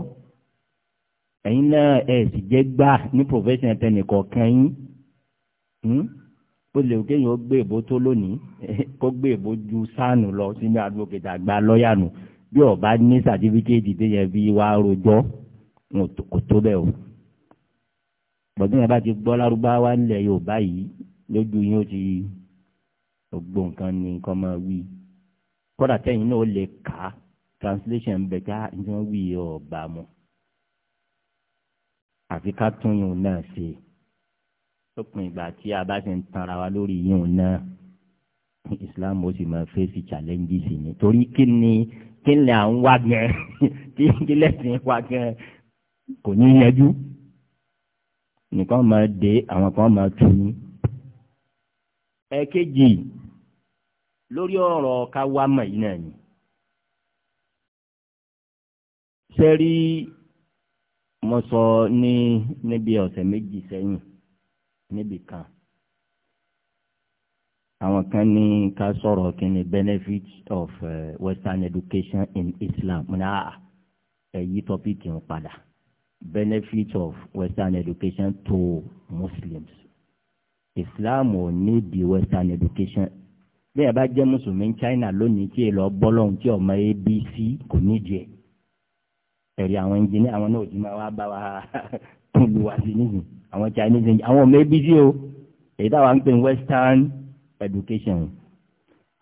ẹ̀yin náà ẹ̀ sì jẹ́ gbà ní profession tẹnìkọ̀ọ̀kan yín hmm? ó lè kéèyàn ó gbé èbó tó lónìí kó gbé èbó ju sáànù lọ sínú advocate àgbà lọ́ọ̀yà nù bí ọba ní sàtífíkẹ́ẹ̀tì tó yẹ fi wá rojọ́ kò tó bẹ́ẹ̀ o bọ̀dún yẹn bá ti gbọ́ lárúbáwá ńlẹ̀ yorùbá yìí lójú yín ó ti gbogbo nǹkan ní nǹkan máa wí kódà tẹ́yìn náà ó lè kà á translation ń bẹ ká ní wọ́n wí ọ̀bà mọ́ àfi ká tún yìí náà ṣe lópin ìgbà tí a bá ti ń tanra wa lórí yíyún náà islam ó sì máa fèsì challenges ni torí kí ni kí ni à ń wá gan kí kí lẹ́sìn wá gan kò ní yẹjú nìkan máa dé àwọn kan máa tu ní. ẹ̀kejì lórí ọ̀rọ̀ ká wá mọ̀ yìí náà ni. sẹ́rí mo sọ ní níbi ọ̀sẹ̀ méjì sẹ́yìn níbì kan àwọn kan ní ká sọ̀rọ̀ kí ni benefit of uh, western education in Islam ní èyí tọ́pìkì ń padà benefit of western education to Muslims Islam ò ní di western education bí ẹ bá jẹ́ mùsùlùmí China lónìí tí ẹ lọ bọ́ lọ́hùn tí ọmọ abc kò nídìí ẹ̀ ẹ̀rí àwọn ẹnjìníà àwọn náà ò jí máa wá bá wa tún lu wa sí níyìí àwọn Chinese àwọn ọmọ ẹbí sí o èyí táwa ń pè ní Western education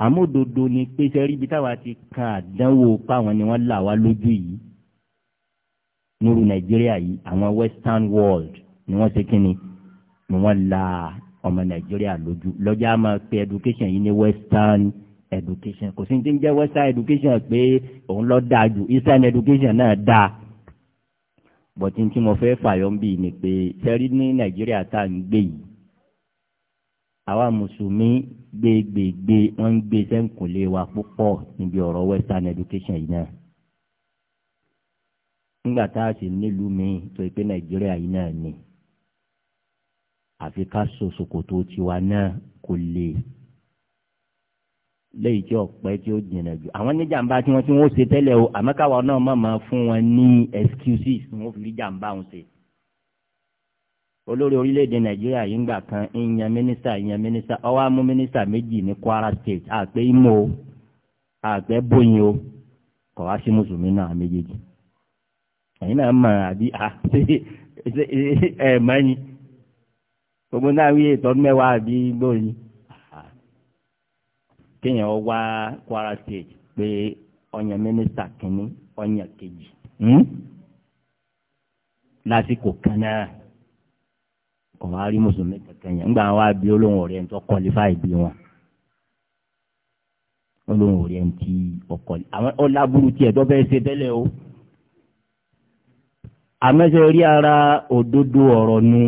àmódodo ni pé sẹ́rí ibi táwa ti kan àdánwò páwọn ni wọ́n là wá lójú yìí nírú Nàìjíríà yìí àwọn Western world ni wọ́n ṣe kí ni ni wọ́n là ọmọ Nàìjíríà lójú lọ́jà máa pe education yìí ní Western education kò sí ní ti ń jẹ́ Western education pé òun ló dáa ju Eastern education náà dáa bọ̀tí tí mo fẹ́ fàyọ́ ń bì ní pé sẹ́rí ní nàìjíríà tá à ń gbé yìí àwa mùsùlùmí gbégbègbè wọ́n ń gbé sẹ́ńkùnlé wa púpọ̀ níbi ọ̀rọ̀ western education yìí náà nígbà tá a sì nílùú mi tó pé nàìjíríà yìí náà ni àfi ká so ṣòkòtò tiwa náà kò lè léyìí tí ọ̀pẹ tí ó jìnnà jù àwọn níjàmbá tí wọ́n ti wọ́n ṣe tẹ́lẹ̀ o àmọ́ náà má máa fún wọn ní excuses tí wọ́n fi rí jàmbá wọn ṣe. olórí orílẹ̀-èdè nàìjíríà yìí ń gbà kan ìyẹn mínísítà ìyẹn mínísítà ọwọ́ amú mínísítà méjì ní kwara state àpé imo o àpé bóyin o kọ̀ wá sí mùsùlùmí náà méjèèjì. ẹ̀yin náà mọ̀ àbí a ẹ̀ mọ́ ni gbogbo náà wí ètò mẹ́wàá àbí gbòòyìn. kéèyàn wá Kwara State pé ọ̀yàn mínísítà kìíní ọ̀yàn kejì hmm? lásìkò kan náà rí mùsùlùmí kankan yẹn ńgbà wá bí olóhùn ọ̀rẹ́ ń tọ́ bí wọn olóhùn ọ̀rẹ́ ti àwọn ọlábùrú tiẹ̀ bẹ́ẹ̀ ṣe tẹ́lẹ̀ o àmẹ́sẹ̀ rí nu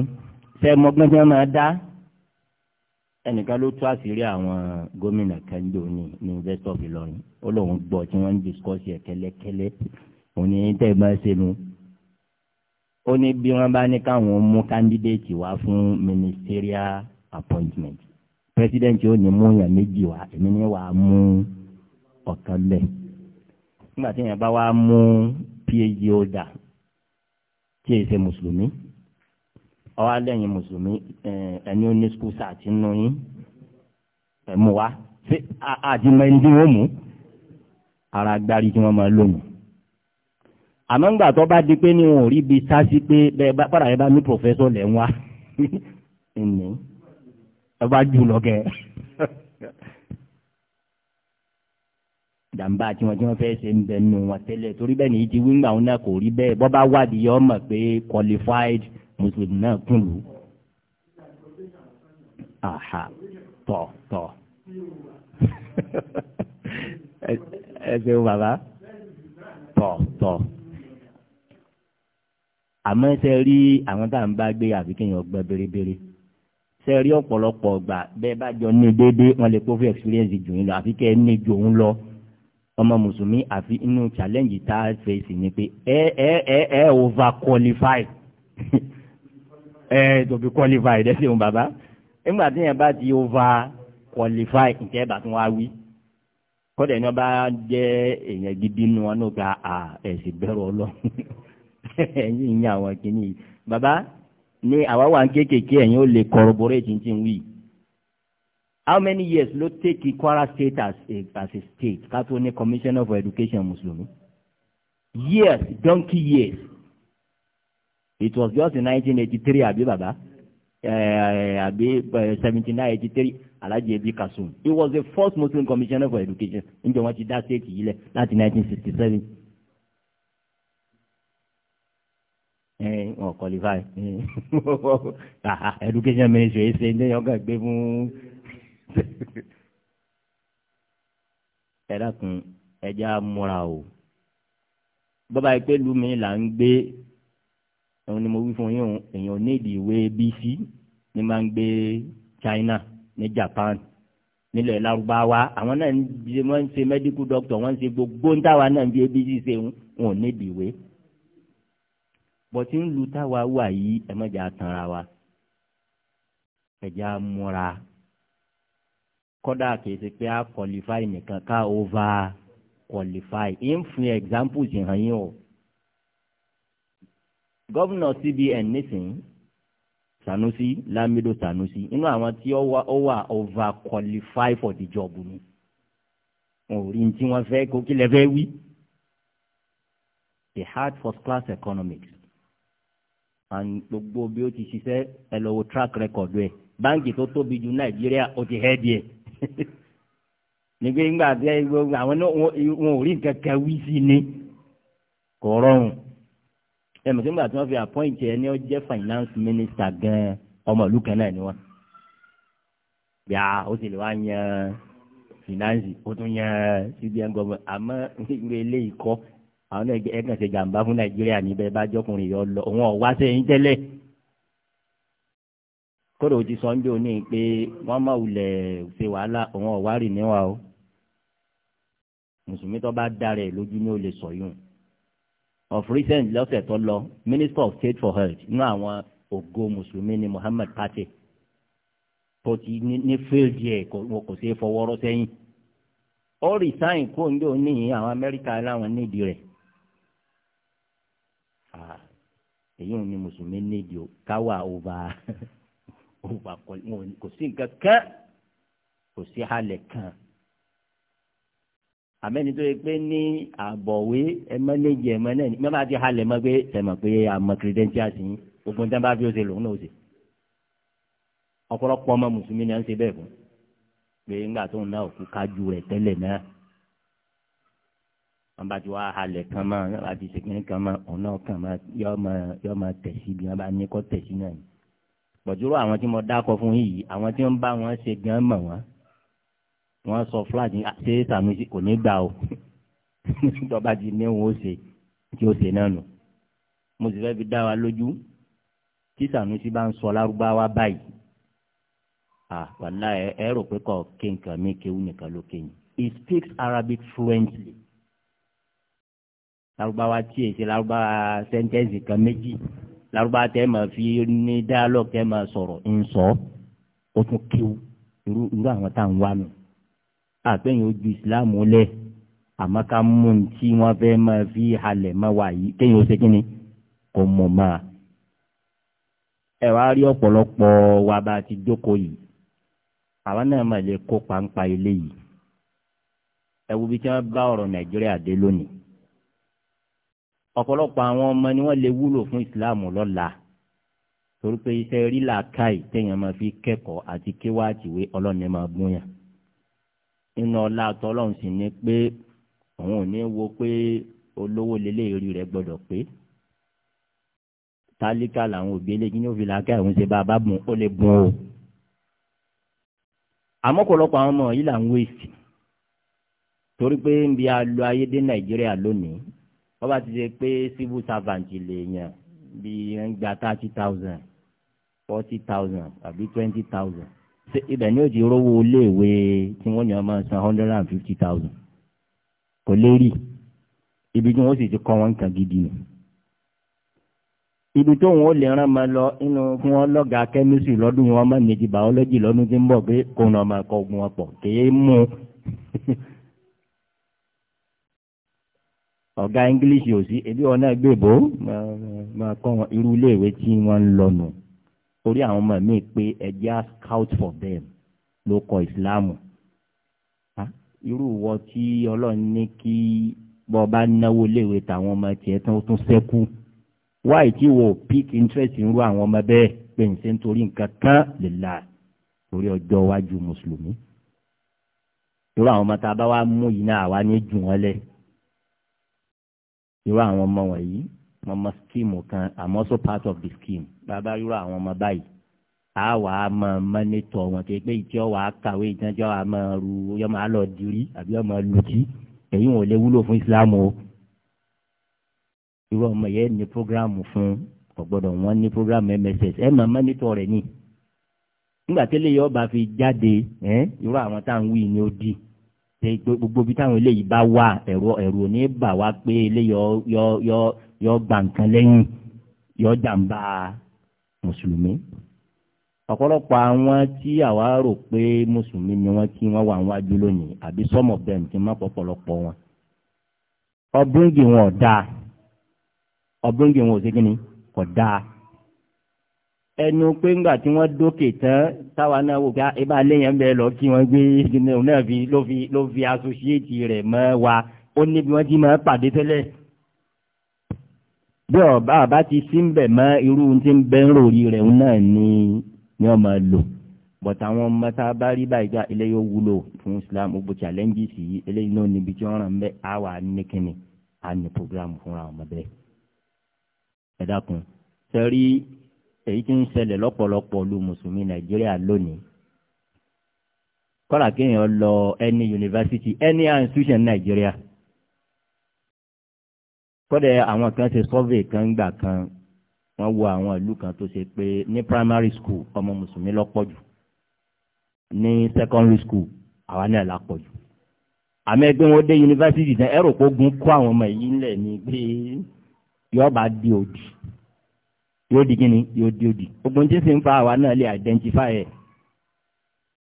fẹ́ mọ́gbẹ́sẹ̀ máa dá. ẹnìkan ló tú àṣírí àwọn gómìnà kẹ́ńdò ní ní university of Ìlọrin ó lóun gbọ́ tí wọ́n ń discuss ẹ̀ kẹ́lẹ́kẹ́lẹ́ òun ní tẹ́ ẹ bá ṣe nu ó ní bí wọ́n bá ní káwọn mú candidate wá fún ministerial appointment president yóò ní mú yàn méjì wá èmi ní wàá mú ọ̀kan bẹ́ẹ̀ nígbà tí yàn bá wá mú phd holder tí èyí ṣe mùsùlùmí ọwọ́ alẹ́yìn mùsùlùmí ẹni ó ní skul sáà ti nù yín ẹ̀mú wa ṣé àdìmọ̀ ẹni tí wọ́n mú ara agbárí tí wọ́n máa lónìí. àmọ́ ńgbà tó bá di pé ní wọn ò rí ibi sá sí pé bẹ́ẹ̀ bá padà yẹn bá ní pòfẹ́sọ̀ lẹ̀ ń wá ẹnì ẹ bá jù lọ kẹ. jàǹbá tí wọn tí wọn fẹẹ ṣe ń bẹ nù wọn tẹ́lẹ̀ torí bẹ́ẹ̀ ni ìdí wíńgbà wọn náà kò rí bẹ́ẹ̀ bọ́ bá wádìí yọ ọmọ pé qualified mùsùlùmí náà kún lù àhà tọ̀ tọ̀ ẹ ṣeun bàbá tọ̀ tọ̀ àmọ́ ṣe rí àwọn tá à ń bá gbé àfi kéèyàn gbọ́ bérebére ṣe rí ọ̀pọ̀lọpọ̀ ọgbà bẹ́ẹ̀ bá jọ ní déédéé wọ́n lè kó fún experience jù yín lọ àfi kẹ́ ẹ ní ju òun lọ ọmọ mùsùlùmí àfi inú challenge tá a face ni pé ẹ ẹ ẹ ẹ over qualify ẹ qualify dẹ́sẹ̀ òun bàbá nígbà tí yẹn bá ti over qualify ǹjẹ́ bá wá wí kọ́dà ẹni wọ́n jẹ́ èèyàn gidi nu wọn náà gba ẹ̀sìn bẹ̀rù ọlọ́run ẹ̀yìn ìyẹn àwọn kìíní yìí bàbá ní àwa kéékèèké ẹ̀yìn ó lè corroborate títí wí. how many years ló take Kwara state as a as a state ká ní commissioner for education mùsùlùmí years donkey years it was just in 1983 àbí bàbá eh, àbí 7983 eh, alhaji ebi kasum he was the first muslim commissioner for education níjọ wọn ti dá state yìí lẹ̀ láti 1967. Eh, wọn qualify education ministry ṣe ní ọgá gbé fún ẹ dákun ẹ já múra o bàbá yìí pé lumi là ń gbé òun ni mo wí fún yín òun èèyàn nídìí ìwé bc ní máa ń gbé China ní Japan nílẹ̀ Lárúbáwá àwọn náà ń ṣe wọ́n ń ṣe medical doctor wọ́n ń ṣe gbogbo ń táwa náà ń bí abc ṣe ń wọn ò nídìí ìwé bọ̀tí ń lu táwa wà yìí ẹ mọ̀jà tanra wa ẹ̀já múra kọ́dà kìí pé a qualify nìkan ká over qualify ń fún examples hàn yín o gọ́vùnà cbn nísìnyí sanusi lamido sanusi inú àwọn tí ó wà ó wà over qualify for the job ni wọn ò rí ní tí wọ́n fẹ́ kó kí fẹ́ wí a hard first class economics and gbogbo bí ó ti ṣiṣẹ́ ẹ lọ wo track record ẹ̀ báńkì tó tóbi jù nàìjíríà ó ti hẹ́ díẹ̀ nígbà tí àwọn náà wọn ò rí nǹkan kan wí sí ni kò rọrùn ẹ̀mọ̀ kí n gbà tí wọ́n fi appoint ẹni ó jẹ́ finance minister gan ọmọ ìlú kan náà ni wọ́n. bíà ó sì lè wá yan finance ó tún yan cbn government àmọ́ ìwé eléyìí kọ́ àwọn náà ẹ̀kan ṣe jàǹbá fún nàìjíríà níbẹ̀ bá jọkùnrin yọ lọ òun ọ̀wá sẹ́yìn tẹ́lẹ̀ kódà ó ti sọ ń jò ní pé wọ́n máa wulẹ̀ ṣe wàhálà òun ọ̀wá rì níwà o mùsùlùmí tó bá dára ẹ̀ lójú ni ó lè sọ yún of recent lọ́sẹ̀ tó lọ minister of state for health inú àwọn ògo mùsùlùmí ni Muhammad Pate tó ti ní field yẹ kò kò ṣeé fọwọ́rọ́ sẹ́yìn ó resign kó ń lò níyìn àwọn Amẹ́ríkà láwọn nídìí rẹ̀ ah, èyí ò ní mùsùlùmí nídìí o káwa over over kò sí nǹkan kan kò sí halẹ̀ kan àmẹ́ni tó yẹ pé ní àbọ̀wé ẹmọ́lẹ́jì ẹmọ́ náà ní mẹ́fà ti halẹ̀ mọ́ pé tẹ̀mọ̀ pé àmọ́ credentials yín gbogbo ní tẹ́nbà bí ó ṣe lòun náà ó ṣe ọ̀pọ̀lọpọ̀ ọmọ mùsùlùmí ni à ń ṣe bẹ́ẹ̀ fún pé ńgbà tóun náà òkú kájú rẹ̀ tẹ́lẹ̀ náà wọn bá ti wá halẹ̀ kan mọ́ wọn bá ti ṣègbè kan mọ́ òun náà kàn mọ́ yọ máa tẹ̀sí bí wọn bá ní kọ́ tẹ̀sí náà ni pọ̀jùrọ̀ àwọn tí mo dákọ̀ fún yìí àwọn tí wọ́n bá wọn ṣe gan mọ̀ wọ́n wọ́n sọ flag ah, ṣé Sanusi kò ní gbà o ìjọba ti ní òun ó ṣe tí ó ṣe náà nù mo sì fẹ́ fi dá wa lójú tí Sanusi bá ń sọ lárúbáwá báyìí wàlá ẹ rò pé kọ kí mi kéwú nìkan ló kéyìn he speaks Arabic fluently lárúbáwá tí èsì lárúbáwá sẹ́ńtẹ́ǹsì kan méjì lárúbáwá tẹ́ máa fi ní dialogue tẹ́ máa sọ̀rọ̀ ń sọ ó tún kéwú irú irú àwọn tá à ń wá nù àtẹ̀yìn ojú ìsìláàmù lẹ̀ àmọ́ ká mú un tí wọ́n fẹ́ máa fi halẹ̀ máa wà yìí kéyìn ó ṣe kí ni kò mọ̀ máa. ẹ wá rí ọ̀pọ̀lọpọ̀ wa bá ti jókòó yìí àwa náà máa lè kó pàǹpà eléyìí ẹ wo bí tí wọ́n bá ọ̀rọ̀ nàìjíríà dé lónìí. ọ̀pọ̀lọpọ̀ àwọn ọmọ ni wọ́n lè wúlò fún ìsìláàmù lọ́la torí pé iṣẹ́ rí làákàyè téèyàn máa fi kẹ́kọ̀ọ́ àti kéwàá àtìwé ọlọ́ni máa gún nínú ọlá tọ́lọ́run sì ni pé òun ò ní wo pé olówó lélẹ́ẹ̀rí rẹ̀ gbọ́dọ̀ pé tálíkà làwọn òbí eléyìí ní òfin làákà ìhun ṣe bá a bá bùn ó lè bùn o. àmọ́ ọ̀pọ̀lọpọ̀ àwọn ọmọ yìí là ń wéèsì torí pé ń bi alo ayé dé nàìjíríà lónìí wọ́n bá ti ṣe pé civil servant lè yàn bí ń gba thirty thousand forty thousand àbí twenty thousand ibẹ̀ ni ó ti rówó iléèwé tí wọ́n yàn máa san hundred and fifty thousand kò lérì ibi tí wọ́n sì ti kọ́ wọn nǹkan gidi nù. ibi tó wọn ó lè rán máa lọ inú kí wọ́n lọ́gàá kẹ́mísì lọ́dún yìí wọ́n máa méjì bàọ́lọ́jì lọ́dún tí ń bọ̀ pé kò nà máa kọ ogun ọ̀pọ̀ kéé mú un. ọ̀gá english ò sí ebi wọn náà gbèbó máa kọ́ irú iléèwé tí wọ́n ń lọ nù. No torí àwọn ọmọ mi pé ẹjẹ́ á scout for them ló kọ ìsìláàmù irú wọ tí ọlọ́run ní kí bọ́ bá náwó léwe tàwọn ọmọ tiẹ̀ tán ó tún sẹ́kù wáyé tí wò pick interest ń ru àwọn ọmọ bẹ́ẹ̀ pé n ṣe ń torí nǹkan kan lè la torí ọjọ́ iwájú mùsùlùmí irú àwọn ọmọ tá a bá wá mú yìí náà àwa ní jù wọ́n lẹ̀ irú àwọn ọmọ wọ̀nyí mọ̀mọ́ scheme kan I'm also part of the scheme bàbá irú àwọn ọmọ báyìí a wà á mọ mọ́nítọ̀ wọn kì í pé ìjọ wà á kàwé ìjọ wà á mọ ru yọ máa lọ dirí àbí ọmọ lùtí èyí wọn ò lè wúlò fún Islam o irú ọmọ yẹn ní programu fún ọgbọdọ wọn ní programu MSS ẹ mọ mọ́nítọ̀ rẹ̀ ni nígbà tẹ́lẹ̀ yọ bá fi jáde irú àwọn tá à ń wí ni ó di gbogbo bí táwọn eléyìí bá wà ẹ̀rọ ẹ̀rọ ní bà wá pé eléyìí yọ yọ yọ gbà nǹkan lẹ́yìn yọ jàǹbá mùsùlùmí ọ̀pọ̀lọpọ̀ àwọn tí àwa rò pé mùsùlùmí ni wọ́n kí wọ́n wà wájú lónìí àbí some of them ti má pọ̀pọ̀lọpọ̀ wọn ọ̀bùngì wọn ò dáa ọ̀bùngì wọn ò sí kíni kò dáa ẹnu pé ńgbà tí wọ́n dókè tán táwa náà wò ká ah, ibà léyìn bẹ́ẹ̀ lọ kí wọ́n gbé kíni òun náà fi ló fi ló fi asosiéètì rẹ̀ mọ́ wa ó ní bí wọ́n ti máa pàdé tẹ́lẹ̀ bí ọba àbá ti sí ń bẹ̀ mọ́ irú tí ń bẹ́ ń ròrí rẹ̀ náà ni ni wọ́n máa lò bọ̀tà àwọn ọmọ tá a bá rí báyìí gbà eléyìí ó wúlò fún Islam gbogbo challenges yìí eléyìí náà níbi tí wọ́n ràn bẹ́ á wà ní kíni á ní program fúnra ọmọ bẹ́ẹ̀. ẹ dákun sẹ́rí èyí tí ń ṣẹlẹ̀ lọ́pọ̀lọpọ̀ lu mùsùlùmí Nàìjíríà lónìí kọ́lá kéèyàn lọ any university any institution Nàìjíríà kọ́dẹ̀ àwọn kan ṣe survey kan gbà kan wọ́n wo àwọn ìlú kan tó ṣe pé ní primary school ọmọ mùsùlùmí lọ́pọ̀ jù ní secondary school àwa náà la pọ̀ jù àmọ́ ẹgbẹ́ wọn dé yunifásitì náà ẹ̀rọ kó gun kó àwọn ọmọ yìí ńlẹ̀ ní pé yọba di òdì yóò di kíni yóò di òdì ogun tí ń fa àwa náà lè identify ẹ̀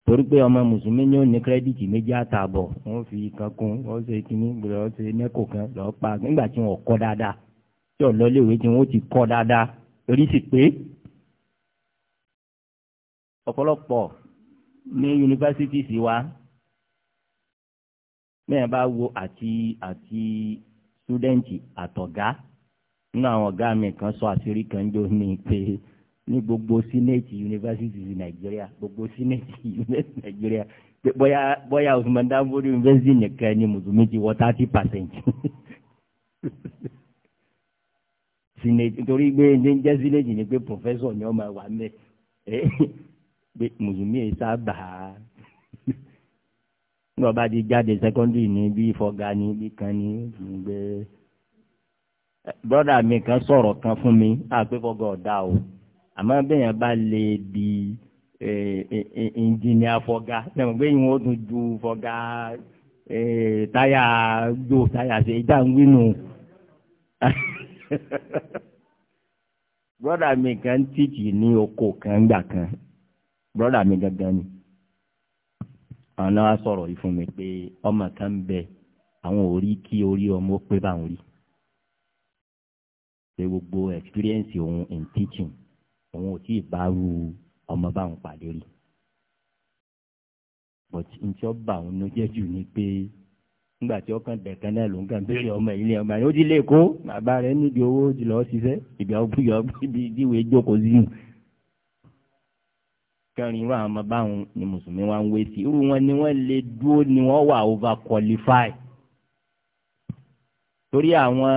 torí pé ọmọ mùsùlùmí ni ó ní kírẹ́dìtì méjì àtààbọ̀ wọ́n fi kan kún wọ́n ṣe kínní gbèrè wọ́n ṣe mẹ́kò kan lọ́ọ́ pa nígbà tí wọ́n kọ́ dáadáa tí ọ̀lọ́léèwé tí wọ́n ti kọ́ dáadáa torí sì pé ọ̀pọ̀lọpọ̀ ní yunifásitì sí wa mẹ́rin bá wo àti àti súdẹ́ǹtì àtọ̀gá nínú àwọn ọ̀gá mi kan sọ àṣírí kan jó ní pé ní gbogbo sínéètì yunifásitì ti nàìjíríà gbogbo sínéètì yunifásitì nàìjíríà bóyá bóyá Usman Danfodiyo yunifásitì nìkan ni mùsùlùmí ti wọ thirty percent sínéètì torí pé ní jẹ́ sínéètì ni pé pòfẹ́sọ̀ ni ọmọ wa mẹ́ pé mùsùlùmí yìí sábà ní ọba ti jáde secondary ní bí ìfọ̀gà ní bí kan ní gbé brọ́dà mi kan sọ̀rọ̀ kan fún mi àpéfọ́gà ọ̀dà o àmọ́ bẹ́yàn bá lè di ìjìnlẹ̀ afọ́gá lẹ́mọ̀ pé ìwọ̀n ó tún ju fọ́gá táyà gbò táyà ṣe ìjà ń wínú. brọ́dà mi kan tíìtì ní oko kan gbà kan brọ́dà mi gangan ni àwọn náà sọ̀rọ̀ yìí fún mi pé ọmọ kan ń bẹ àwọn ò rí kí orí ọmọ pé báwọn rí ṣe gbogbo experience òun in teaching òun ò tí ì bá ọmọ báwọn pàdé rí but ntí ọba òun ló jẹ́ jù ní pé nígbà tí ọkàn dẹ̀kan náà ló ń kàn béèrè ọmọ ilé ọmọ rẹ ó ti lè kó bàbá rẹ nídìí owó jùlọ ṣiṣẹ́ ìbí ọgbìyọ ibi ìdíwèé jókòó sí yìí kẹrin irú àwọn ọmọ báwọn ni mùsùlùmí wa ń wé sí irú wọn ni wọn lè dúró ni wọn wà over qualify torí àwọn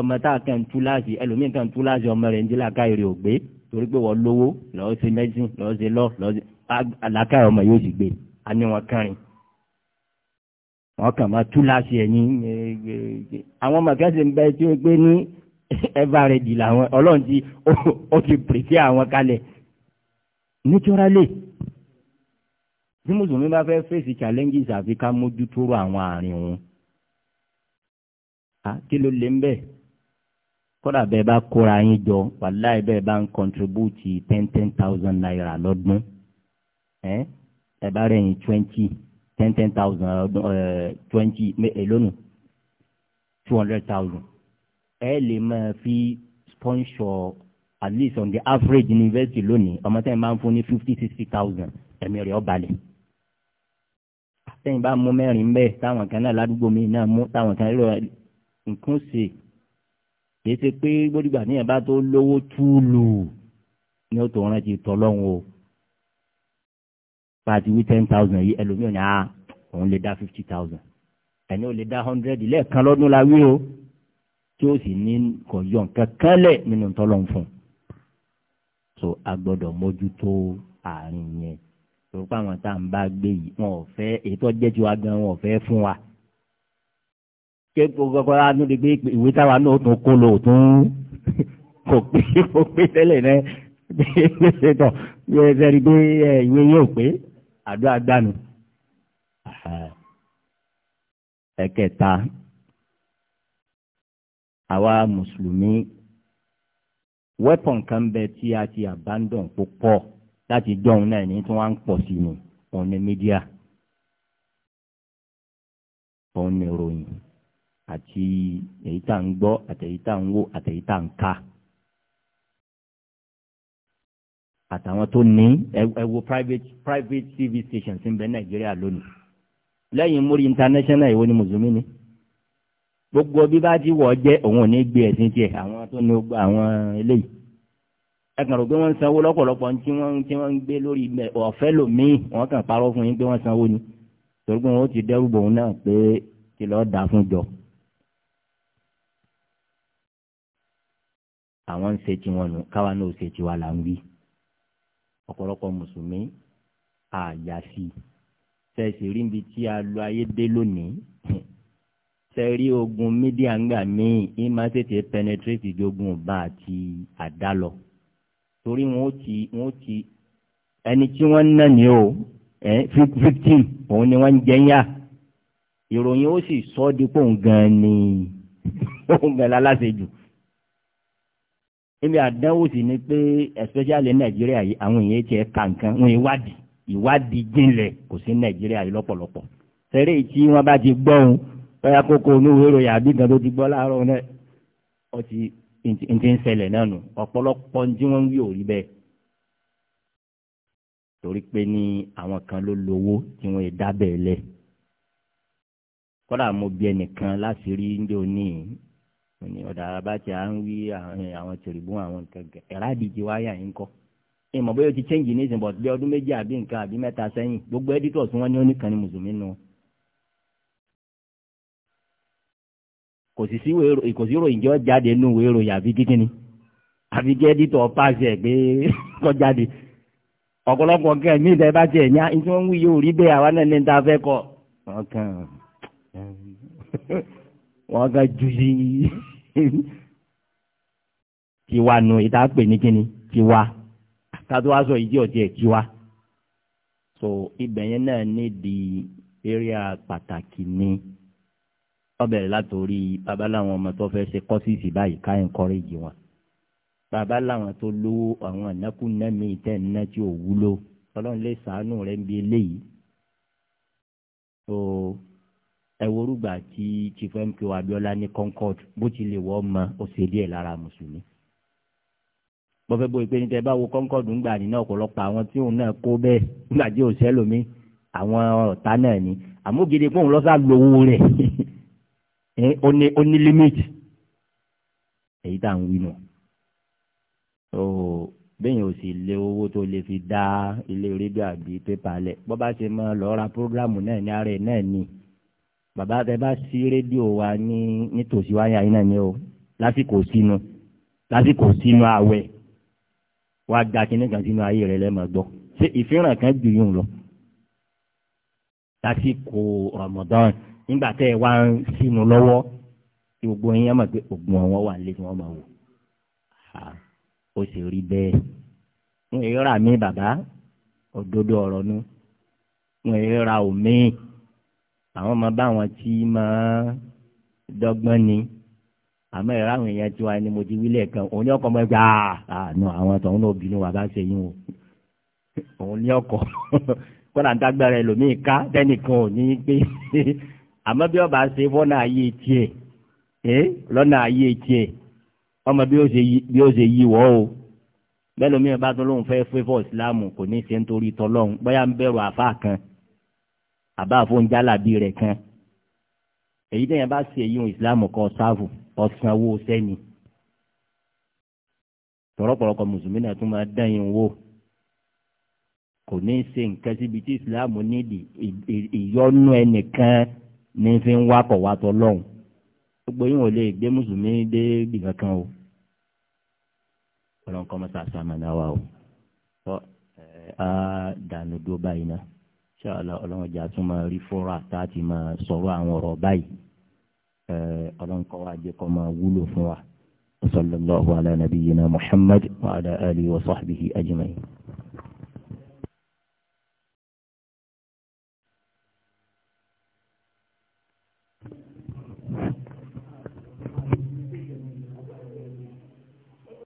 ọmọ tá a kàn tú láàṣì ẹlòmíì kàn tú láàṣì ọmọ rẹ ń dín láàká ògbé torí pé wọ́n lówó lọ́ọ́ ṣe mẹ́sìn lọ́ọ́ ṣe lọ́ lọ́ọ́ ṣe àlàkà ọmọ yóò sì gbé àní wọn kárin wọn kàn máa tú láṣẹ ẹ̀yìn àwọn ọmọ kẹsì ń bẹ tí ó gbé ní ẹ̀fàrẹ̀dì làwọn ọlọ́run ti ó ti pèsè àwọn kalẹ̀ nítorálẹ̀ bí mùsùlùmí bá fẹ́ fèsì challenges àfi ká mójútóró àwọn àárín òun kí ló lè ń bẹ́ẹ̀ kódà bẹ́ẹ̀ bá kóra yín jọ wàláì bẹ́ẹ̀ bá ń contribute ten ten thousand naira lọ́dún ẹ̀ ẹ̀ bá rẹ̀ yín twenty ten ten thousand ọdún eh, twenty lónìí two hundred thousand ẹ lè máa fi sponsor at least on the average university lónìí ọmọ tẹ́yìn bá ń fún ní fifty sixty thousand ẹ̀mí rẹ̀ ó balẹ̀ tẹ́yìn bá mú mẹ́rin bẹ́ẹ̀ táwọn kan náà ládùúgbò mi náà mú táwọn kan náà nǹkan ṣe kì ṣe pé gbódìgbà níyàn bá tó lówó túlù ni ó tó rántí tọ́lọ́hún o pàtí wí ten thousand yìí ẹlòmíràn ni ah òun lè dá fifty thousand ẹni ò lè dá hundred lẹ́ẹ̀kan lọ́dún la wí o tí ó sì ní kò yọ nǹkan kánlẹ̀ nínú tọ́lọ́hún fún so a gbọ́dọ̀ mójútó àárín yẹn tó tá à ń bá gbé yìí wọn ò fẹ́ èyí tó jẹ́ wọn ò fẹ́ fún wa gbogbo anú di pé ìwé táwa náà tún kó lò tún kò pé kò pé tẹ́lẹ̀ náà ṣe tọ̀ yẹ sẹ́ni pé ìwé yóò pé àdúrà gbànú. ẹ̀kẹta àwa mùsùlùmí wẹ́pọ̀n kan bẹ tí a ti abandon púpọ̀ láti jọ̀hún náà ní tí wọ́n ń pọ̀ sí ni òun ni mídíà òun ni ròyìn àti èyí tá à ń gbọ́ àtẹ̀yí tá à ń wò àtẹ̀yí tá ń ka. àtàwọn tó ní ẹ private private tv stations ń bẹ nàìjíríà lónìí lẹ́yìn múri international ìwé ni mùsùlùmí ni gbogbo bí bá ti wọ̀ jẹ́ òun ò ní gbé ẹ̀sìn tiẹ̀ àwọn tó ní gbọ́ àwọn eléyìí ẹkàn rò pé wọ́n ń sanwó lọ́pọ̀lọpọ̀ tí wọ́n tí wọ́n ń gbé lórí ọ̀fẹ́ lòmíì wọ́n kàn parọ́ fún yín pé wọ́n sanwó ni torí pé wọ́n ti dẹ́rù bòun náà pé kí lọ́ọ́ dà fún jọ àwọn ń ṣe tiwọn nù káwa náà ṣe tiwa là ń wí ọ̀pọ̀lọpọ̀ mùsùlùmí àyàfi tẹ̀sí rí ibi tí a lo ayé dé lónìí tẹ̀rí ogun mídíà ń gbà míì yín máa tètè penetrate ìjogun ọba àti àdálọ torí wọn ó ti wọn ó ti ẹni tí wọ́n ń nà ní o fifteen òun ni wọ́n ń jẹ́ yá ìròyìn ó sì sọ ọ́ dípò nǹkan ni òun gan láláṣẹ jù ebi àdánwò sì ni pé especially nàìjíríà yìí àwọn èèyàn tiẹ̀ ka nǹkan wọn ìwádìí ìwádìí jinlẹ̀ kò sí nàìjíríà yìí lọ́pọ̀lọpọ̀ sẹ́rẹ́ tí wọ́n ti gbọ́ òun bóyá kókó onúwo èrò yàbí kan tó ti gbọ́ láàárọ̀ náà ọtí ntí ń ṣẹlẹ̀ náà nù ọ̀pọ̀lọpọ̀ tí wọ́n ń torí pé ní àwọn kan ló lówó tí wọ́n yẹ dábẹ́ lẹ̀ kọ́dà mo bí ẹnìkan láti rí ní òní wọn ni ọ̀dà àràbá tí a ń wí àwọn tìrìbùn àwọn nǹkan gẹ̀ ẹ̀rá àdìjì wáyà yín kọ́ ẹ mọ̀ bóyá o ti change ní ìsìn bọ̀ bí ọdún méjì àbí nǹkan àbí mẹ́ta sẹ́yìn gbogbo editors wọn ni ó nìkan ní mùsùlùmí nu kò sì sí kò sí ròyìn jọ jáde nù wé ròyìn àbí kíkíni àbí kí editor pass ẹ̀ gbé kọ́ jáde ọ̀pọ̀lọpọ̀ kẹ́ mi ìfẹ́ bá tiẹ̀ ní ah, tí wọ́n ń wí yóò rí bẹ́ẹ̀ àwa náà ní ta fẹ́ kọ́ ọkàn wọ́n ká ju sí tiwa nù ìta pè ní kíni tiwa kátó wá sọ ìdí ọ̀tí ẹ̀ tiwa so ibẹ̀ yẹn náà nídìí area pàtàkì ni wọ́n bẹ̀rẹ̀ látòrí bàbá làwọn ọmọ tó fẹ́ ṣe kọ́sìsì báyìí ká encourage wọn bàbá làwọn tó lówó àwọn ànákùnà míì tẹ̀ ń tí ò wúlò ọlọ́run lè sàánú rẹ̀ ń bi eléyìí. So, ẹ worúgbà tí chief mk abiola ní concord bó ti lè wọ́ ọmọ ọ̀sẹ̀ díẹ̀ lára mùsùlùmí bọ́fẹ́ bóyá pé níta ẹ bá wo concord nínú ọ̀pọ̀lọpọ̀ àwọn tí òun náà kó bẹ́ẹ̀ ńgbà tí ò sẹ́lòmí àwọn ọ̀tá náà ni àmúgede pé òun lọ́sà lówó rẹ̀ ó ní limit èyí tá à ń wí nù. bẹ́ẹ̀ ò sì lé owó tó lè fi dá ilé rédíò àbí pépà lẹ̀ bọ́ bá ṣe mọ́ lọ́ọ́ ra prógráàmù náà ní ara ẹ̀ náà ni bàbá tẹ bá sí rédíò wa ní nítòsí wáyà yìí náà ni o lásìkò sínú lásìkò sínú àwẹ̀ wàá gba kinní kan sínú ayé rẹ lẹ́mọ̀ gbọ́ ṣé ìfihàn kan jù yín lọ lásìkò Ramadan nígbà tẹ́ ẹ wá ń sínú lọ́wọ́ tí gbogbo yín á mọ̀ pé ògùn àwọn wà nílé tí wọ́n máa wò ó sì rí bẹ́ẹ̀ ń rà mí bàbá òdodo ọ̀rọ̀ nu ń rà òmíì àwọn ọmọ báwọn tí máa dọ́gbọ́n ni àmọ́ ìrọ àwọn èèyàn tiwa ni mo ti wí lẹ́ẹ̀kan òun ní ọkọ̀ mọ́jà àánú àwọn tọ̀hún náà bínú wa bá ṣe yín o òun ní ọkọ̀ kọ́lá ń dágbára ẹlòmíì ká tẹ́nìkan ò ní í pé àmọ́ bí ọba ṣe fọ́nà ayé tiẹ̀ ẹ́ lọ́nà ayé tiẹ̀ ọmọ bí ó ṣe yí wọ́ o bẹ́ẹ̀ lómi ọba tó lóun fẹ́ fẹ́ fọ́ ìsìlámù kò ní í ṣe nítorí tọ́lọ́hún bóyá ń bẹ̀rù àfáà kan àbá àfọ̀njálàbí rẹ̀ kan èyí tẹ̀yìn bá ṣe èyí ohun ìsìláàmù kọ sáàfù ọ̀sánwó sẹ́ni tọ̀rọ̀pọ̀lọpọ̀ mùsùlùmí náà tún máa dẹ́yìn wò kò ní í ṣe nǹkan síbi tí ìsìláàmù nídìí ìyọnu ẹnìkan ní fi ń wákọ̀ wá tọ́ lọ́hùn gbogbo yìí ò lè gbé mùsùlùmí dé ibì kankan o ọlọ́run kọ́ mọ́ta o ọ ẹ á dànù ṣáàlà ọlọ́mọdé àtúmọ̀ rí fọ́ra tá a ti máa sọ̀rọ̀ àwọn ọ̀rọ̀ báyìí ọlọ́nkọ́ wa jẹ́ kọ́ máa wúlò fún wa. sallallahu ala nabiyyina muhammad wa ala alihi wa sahbihi ajma'in.